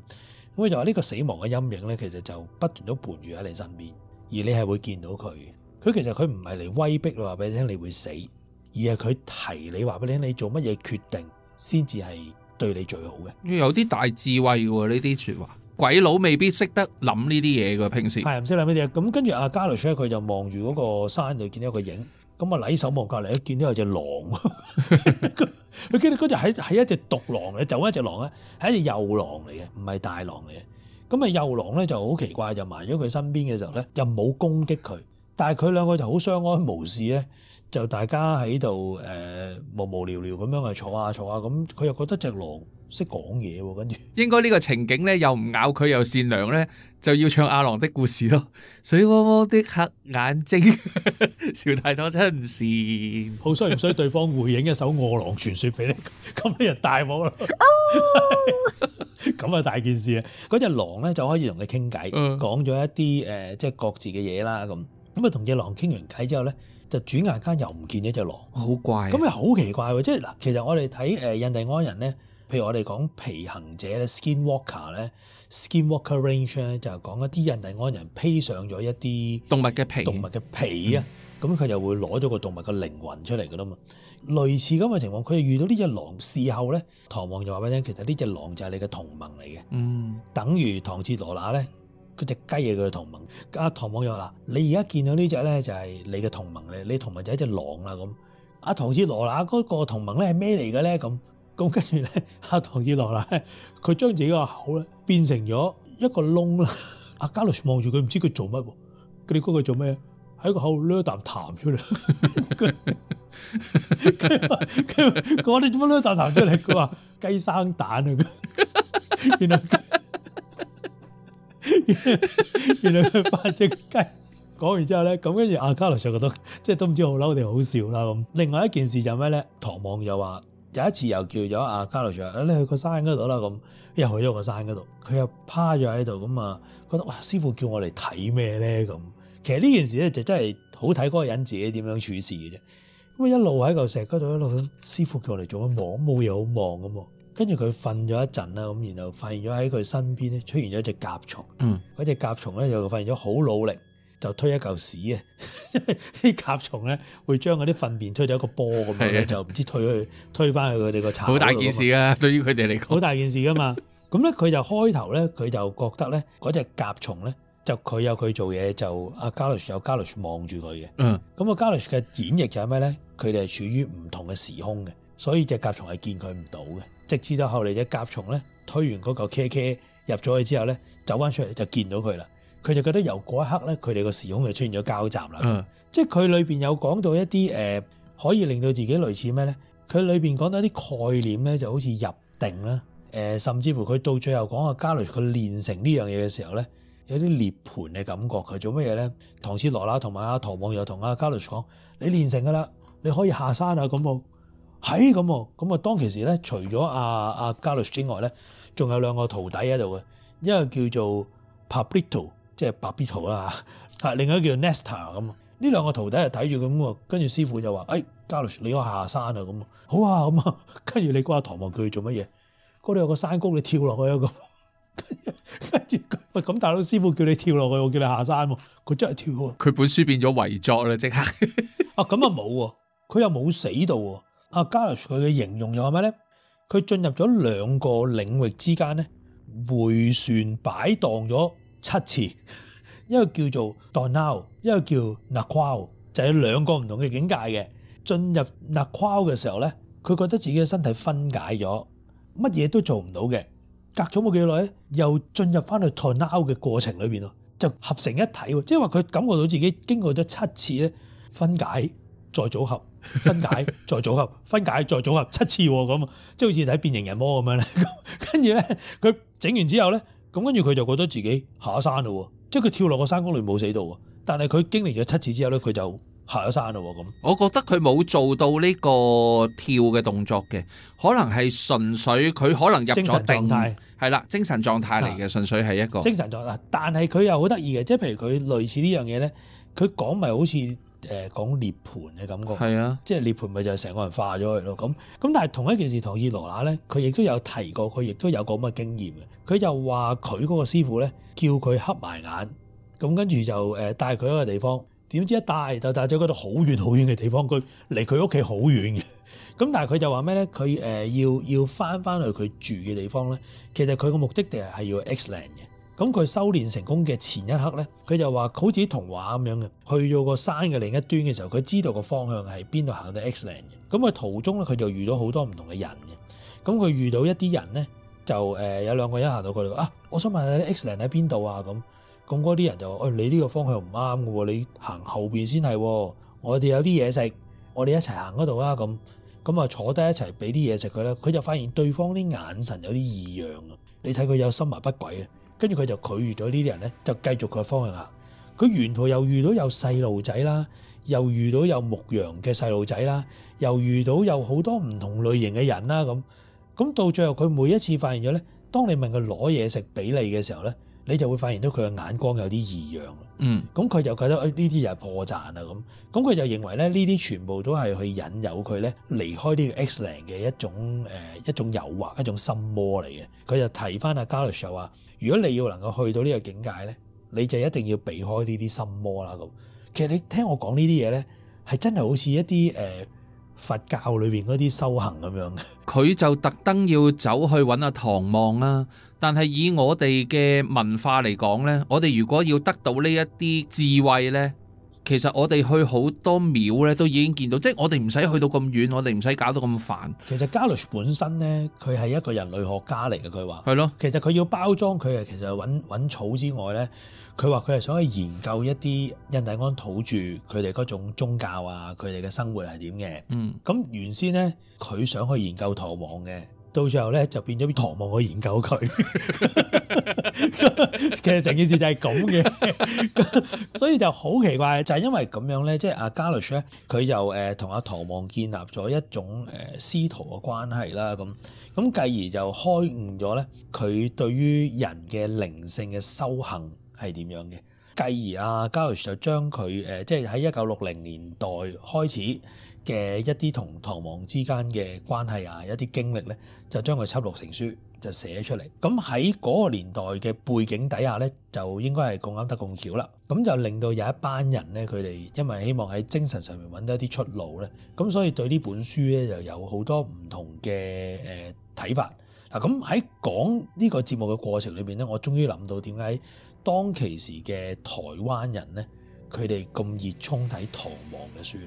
咁佢就話呢個死亡嘅陰影呢，其實就不斷都伴住喺你身邊。而你係會見到佢，佢其實佢唔係嚟威逼你話俾你聽，你會死，而係佢提你話俾你聽，你做乜嘢決定先至係對你最好嘅。有啲大智慧喎，呢啲説話，鬼佬未必識得諗呢啲嘢嘅。平時係唔識諗乜嘢。咁跟住阿加洛舒，佢就望住嗰個山度見到一個影，咁啊禮手望隔離，見到有 隻狼。佢見到嗰隻喺喺一隻獨狼咧，就一隻狼咧，係一隻幼狼嚟嘅，唔係大狼嚟嘅。咁啊，幼狼咧就好奇怪，就埋咗佢身邊嘅時候咧，又冇攻擊佢，但係佢兩個就好相安無事咧，就大家喺度誒無無聊聊咁樣去坐下坐下，咁佢又覺得隻狼識講嘢喎，跟住應該呢個情景咧又唔咬佢又善良咧，就要唱阿狼的故事咯，水汪汪的黑眼睛，邵太多真善，好衰唔衰對方回應一首惡狼傳説俾你，咁你人大我啊？Oh! 咁啊大件事啊！嗰隻狼咧就開始同佢傾偈，講、嗯、咗一啲即係各自嘅嘢啦咁。咁啊同隻狼傾完偈之後咧，就轉眼間又唔見咗隻狼，好怪、啊。咁啊好奇怪喎！即係嗱，其實我哋睇誒印第安人咧，譬如我哋講皮行者咧，skinwalker 咧，skinwalker range 咧，就係講一啲印第安人披上咗一啲動物嘅皮，動物嘅皮啊。嗯咁佢就會攞咗個動物個靈魂出嚟噶啦嘛，類似咁嘅情況，佢就遇到呢隻狼。事後咧，唐望就話俾你聽，其實呢隻狼就係你嘅同盟嚟嘅。嗯，等於唐智羅呢那咧，佢隻雞係佢嘅同盟。阿唐望又話你而家見到呢隻咧，就係你嘅同盟嚟。你同盟就係隻狼啦咁。阿、啊、唐智羅那嗰個同盟咧係咩嚟嘅咧？咁咁跟住咧，阿、啊、唐智羅那佢將自己個口咧變成咗一個窿啦。阿加魯斯望住佢，唔知佢做乜喎？佢哋估佢做咩？喺個口度甩啖痰出嚟，佢佢佢話：你做乜甩一啖痰出嚟？佢話雞生蛋啊！原來原來八隻雞。講完之後咧，咁跟住阿卡羅上覺得，即係都唔知好嬲定好笑啦咁。另外一件事就咩咧？唐望又話：有一次又叫咗阿卡羅上，你去個山嗰度啦咁。又去咗個山嗰度，佢又趴咗喺度咁啊，覺得哇！師傅叫我嚟睇咩咧咁。其實呢件事咧，就真係好睇嗰個人自己點樣處事嘅啫。咁啊，一路喺嚿石嗰度，一路師傅叫我嚟做乜忙，冇嘢好忙咁。跟住佢瞓咗一陣啦，咁然後發現咗喺佢身邊咧出現咗隻甲蟲。嗯，嗰隻甲蟲咧就發現咗好努力，就推一嚿屎啊！啲 甲蟲咧會將嗰啲糞便推到一個波咁樣，就唔知推去推返去佢哋個巢。好大件事啊！對於佢哋嚟講，好大件事㗎嘛。咁咧佢就開頭咧，佢就覺得咧嗰隻甲蟲咧。就佢有佢做嘢，就阿加洛斯有加洛斯望住佢嘅。嗯，咁啊，加洛斯嘅演繹就係咩咧？佢哋係處於唔同嘅時空嘅，所以隻甲蟲係見佢唔到嘅。直至到後嚟，隻甲蟲咧推完嗰嚿茄茄入咗去之後咧，走返出嚟就見到佢啦。佢就覺得由嗰一刻咧，佢哋個時空就出現咗交集啦。嗯，即係佢裏面有講到一啲、呃、可以令到自己類似咩咧？佢裏面講到一啲概念咧，就好似入定啦、呃。甚至乎佢到最後講阿加洛斯佢練成呢樣嘢嘅時候咧。有啲涅槃嘅感覺，佢做乜嘢咧？唐斯羅啦，同埋阿唐望又同阿 g a 加洛斯講：你練成㗎啦，你可以下山喇我啊！咁喎，係咁喎，咁啊當其時咧，除咗阿阿加洛斯之外咧，仲有兩個徒弟喺度嘅，一個叫做 p 帕比圖，即係白比圖啦嚇，另一個叫 Nesta。咁。呢兩個徒弟就睇住佢咁喎，跟住師傅就話：誒、哎，加洛斯你可以下山啊！咁啊，好啊，咁啊，跟住你估阿唐望佢做乜嘢？嗰度有個山谷，你跳落去呀咁。跟住，咁大佬師傅叫你跳落去，我叫你下山喎。佢真係跳喎。佢本書變咗遺作啦，即刻。啊，咁啊冇喎，佢又冇死到喎。阿 Garish 佢嘅形容又係咩咧？佢進入咗兩個領域之間咧，回旋擺盪咗七次，一個叫做 Tonal，一個叫 Nagual，就係兩個唔同嘅境界嘅。進入 Nagual 嘅時候咧，佢覺得自己嘅身體分解咗，乜嘢都做唔到嘅。隔咗冇幾耐咧，又進入翻去 turn out 嘅過程裏邊，咯，就合成一體喎，即係話佢感覺到自己經過咗七次咧分解再組合，分解再組合，分解再組合七次咁，即係好似睇變形人魔咁樣咧。跟住咧，佢整完之後咧，咁跟住佢就覺得自己下山咯，即係佢跳落個山谷裏冇死到喎，但係佢經歷咗七次之後咧，佢就。行咗山咯咁，我覺得佢冇做到呢個跳嘅動作嘅，可能係純粹佢可能入咗狀態，係啦，精神狀態嚟嘅，純、啊、粹係一個精神狀態。但係佢又好得意嘅，即係譬如佢類似呢樣嘢咧，佢講咪好似誒講涅槃嘅感覺，係啊，即係涅槃咪就係成個人化咗佢咯。咁咁但係同一件事，唐爾羅那咧，佢亦都有提過，佢亦都有個咁嘅經驗嘅。佢又話佢嗰個師傅咧叫佢黑埋眼，咁跟住就誒帶佢去一個地方。點知一帶就帶咗去到好遠好遠嘅地方，佢離佢屋企好遠嘅。咁但係佢就話咩咧？佢誒要要翻翻去佢住嘅地方咧。其實佢個目的地係要 Xland 嘅。咁佢修煉成功嘅前一刻咧，佢就話好似啲童話咁樣嘅。去到個山嘅另一端嘅時候，佢知道個方向係邊度行到 Xland 嘅。咁佢途中咧，佢就遇到好多唔同嘅人嘅。咁佢遇到一啲人咧，就有兩個人行到佢嚟啊，我想問下啲 Xland 喺邊度啊咁。咁嗰啲人就話，哦、哎，你呢個方向唔啱㗎喎，你行後面先係。我哋有啲嘢食，我哋一齊行嗰度啦。咁，咁啊坐低一齊俾啲嘢食佢啦。佢就發現對方啲眼神有啲異樣啊。你睇佢有心懷不軌啊。跟住佢就拒絕咗呢啲人咧，就繼續佢嘅方向行。佢沿途又遇到有細路仔啦，又遇到有牧羊嘅細路仔啦，又遇到有好多唔同類型嘅人啦。咁，咁到最後佢每一次發現咗咧，當你問佢攞嘢食俾你嘅時候咧。你就會發現到佢嘅眼光有啲異樣，嗯，咁佢就覺得，哎，呢啲又係破綻啦咁。咁佢就認為咧，呢啲全部都係去引誘佢咧，離開呢個 X 0嘅一種誒，一種誘惑，一種心魔嚟嘅。佢就提翻阿加略就話：如果你要能夠去到呢個境界咧，你就一定要避開呢啲心魔啦。咁其實你聽我講呢啲嘢咧，係真係好似一啲誒。呃佛教裏邊嗰啲修行咁樣，佢就特登要走去揾阿唐望啦。但係以我哋嘅文化嚟講呢，我哋如果要得到呢一啲智慧呢，其實我哋去好多廟呢都已經見到，即係我哋唔使去到咁遠，我哋唔使搞到咁煩。其實 Galush 本身呢，佢係一個人類學家嚟嘅，佢話係咯。其實佢要包裝佢啊，其實揾揾草之外呢。佢話佢係想去研究一啲印第安土著佢哋嗰種宗教啊，佢哋嘅生活係點嘅。嗯，咁原先咧佢想去研究唐望嘅，到最後咧就變咗唐望去研究佢。 其實成件事就係咁嘅， 所以就好奇怪就係、係、因為咁樣咧，即係阿加洛舒咧，佢就同阿唐望建立咗一種誒師徒嘅關係啦。咁咁繼而就開悟咗咧，佢對於人嘅靈性嘅修行，係點樣嘅？繼而阿加羅就將佢誒，即係喺一九六零年代開始嘅一啲同唐望之間嘅關係啊，一啲經歷咧，就將佢輯錄成書就寫出嚟。咁喺嗰個年代嘅背景底下咧，就應該係啱啱得咁蹺啦。咁就令到有一班人咧，佢哋因為希望喺精神上面揾到一啲出路咧，咁所以對呢本書咧就有好多唔同嘅誒睇法嗱。咁喺講呢個節目嘅過程裏邊咧，我終於諗到點解，當其時嘅台灣人呢，佢哋咁熱衷睇唐望嘅書，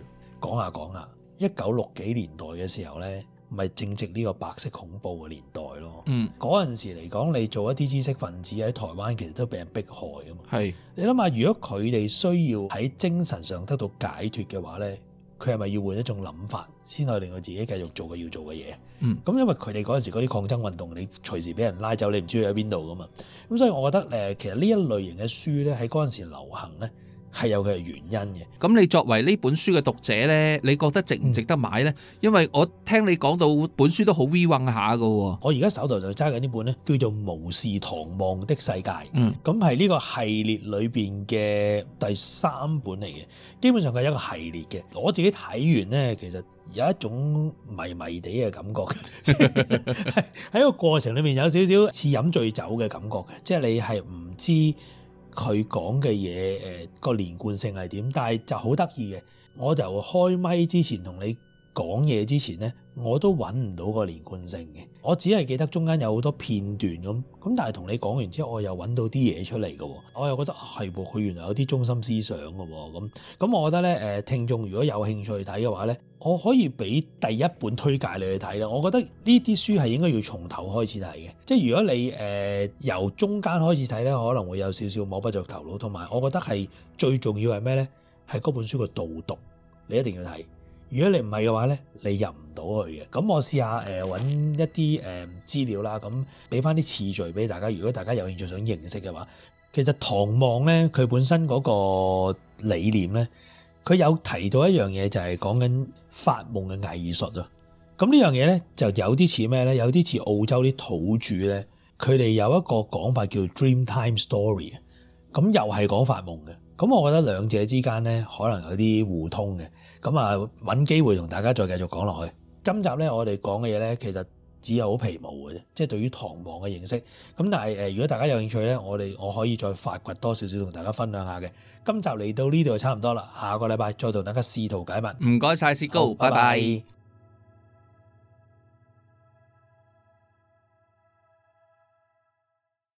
講下講下，一九六幾年代嘅時候呢，咪正值呢個白色恐怖嘅年代咯。嗯，嗰陣時嚟講，你做一啲知識分子喺台灣，其實都俾人迫害啊嘛。係，你諗下，如果佢哋需要喺精神上得到解脫嘅話呢。佢係咪要換一種諗法先可以令到自己繼續做佢要做嘅嘢？咁、嗯、因為佢哋嗰陣時嗰啲抗爭運動，你隨時俾人拉走，你唔知佢喺邊度㗎嘛。咁所以我覺得誒，其實呢一類型嘅書咧，喺嗰陣時流行咧，係有佢嘅原因嘅。咁你作為呢本書嘅讀者咧，你覺得值唔值得買咧、嗯？因為我聽你講到本書都好 v o 下㗎下噶。我而家手頭就揸緊呢本咧，叫做《巫士唐望的世界》。嗯，咁係呢個系列裏邊嘅第三本嚟嘅，基本上佢係一個系列嘅。我自己睇完咧，其實有一種迷迷地嘅感覺，喺 個過程裏面有少少似飲醉酒嘅感覺嘅，即係你係唔知。佢講嘅嘢，誒、呃、個連貫性係點？但係就好得意嘅，我就開咪之前同你講嘢之前咧，我都揾唔到個連貫性嘅。我只係記得中間有好多片段咁，咁但係同你講完之後，我又揾到啲嘢出嚟嘅喎，我又覺得係噃，佢原來有啲中心思想嘅喎，咁咁我覺得呢，誒聽眾如果有興趣去睇嘅話呢，我可以俾第一本推介你去睇啦。我覺得呢啲書係應該要從頭開始睇嘅，即係如果你誒由中間開始睇呢，可能會有少少摸不着頭腦，同埋我覺得係最重要係咩呢？係嗰本書嘅導讀，你一定要睇。如果你唔係嘅話呢，你又唔到嘅咁，我試下誒揾一啲誒資料啦，咁俾翻啲次序俾大家。如果大家有興趣想認識嘅話，其實唐望咧佢本身嗰個理念咧，佢有提到一樣嘢就係講緊發夢嘅藝術啊。咁呢樣嘢咧就有啲似咩咧？有啲似澳洲啲土著咧，佢哋有一個講法叫 Dreamtime Story。咁又係講發夢嘅。咁我覺得兩者之間咧可能有啲互通嘅。咁啊揾機會同大家再繼續講落去。今集咧，我哋講嘅嘢咧，其實只有好皮毛嘅啫，即係對於唐望嘅認識。咁但係誒，如果大家有興趣咧，我哋我可以再發掘多少少同大家分享下嘅。今集嚟到呢度就差唔多啦，下個禮拜再同大家試圖解密。唔該晒，薛高，拜拜。拜拜。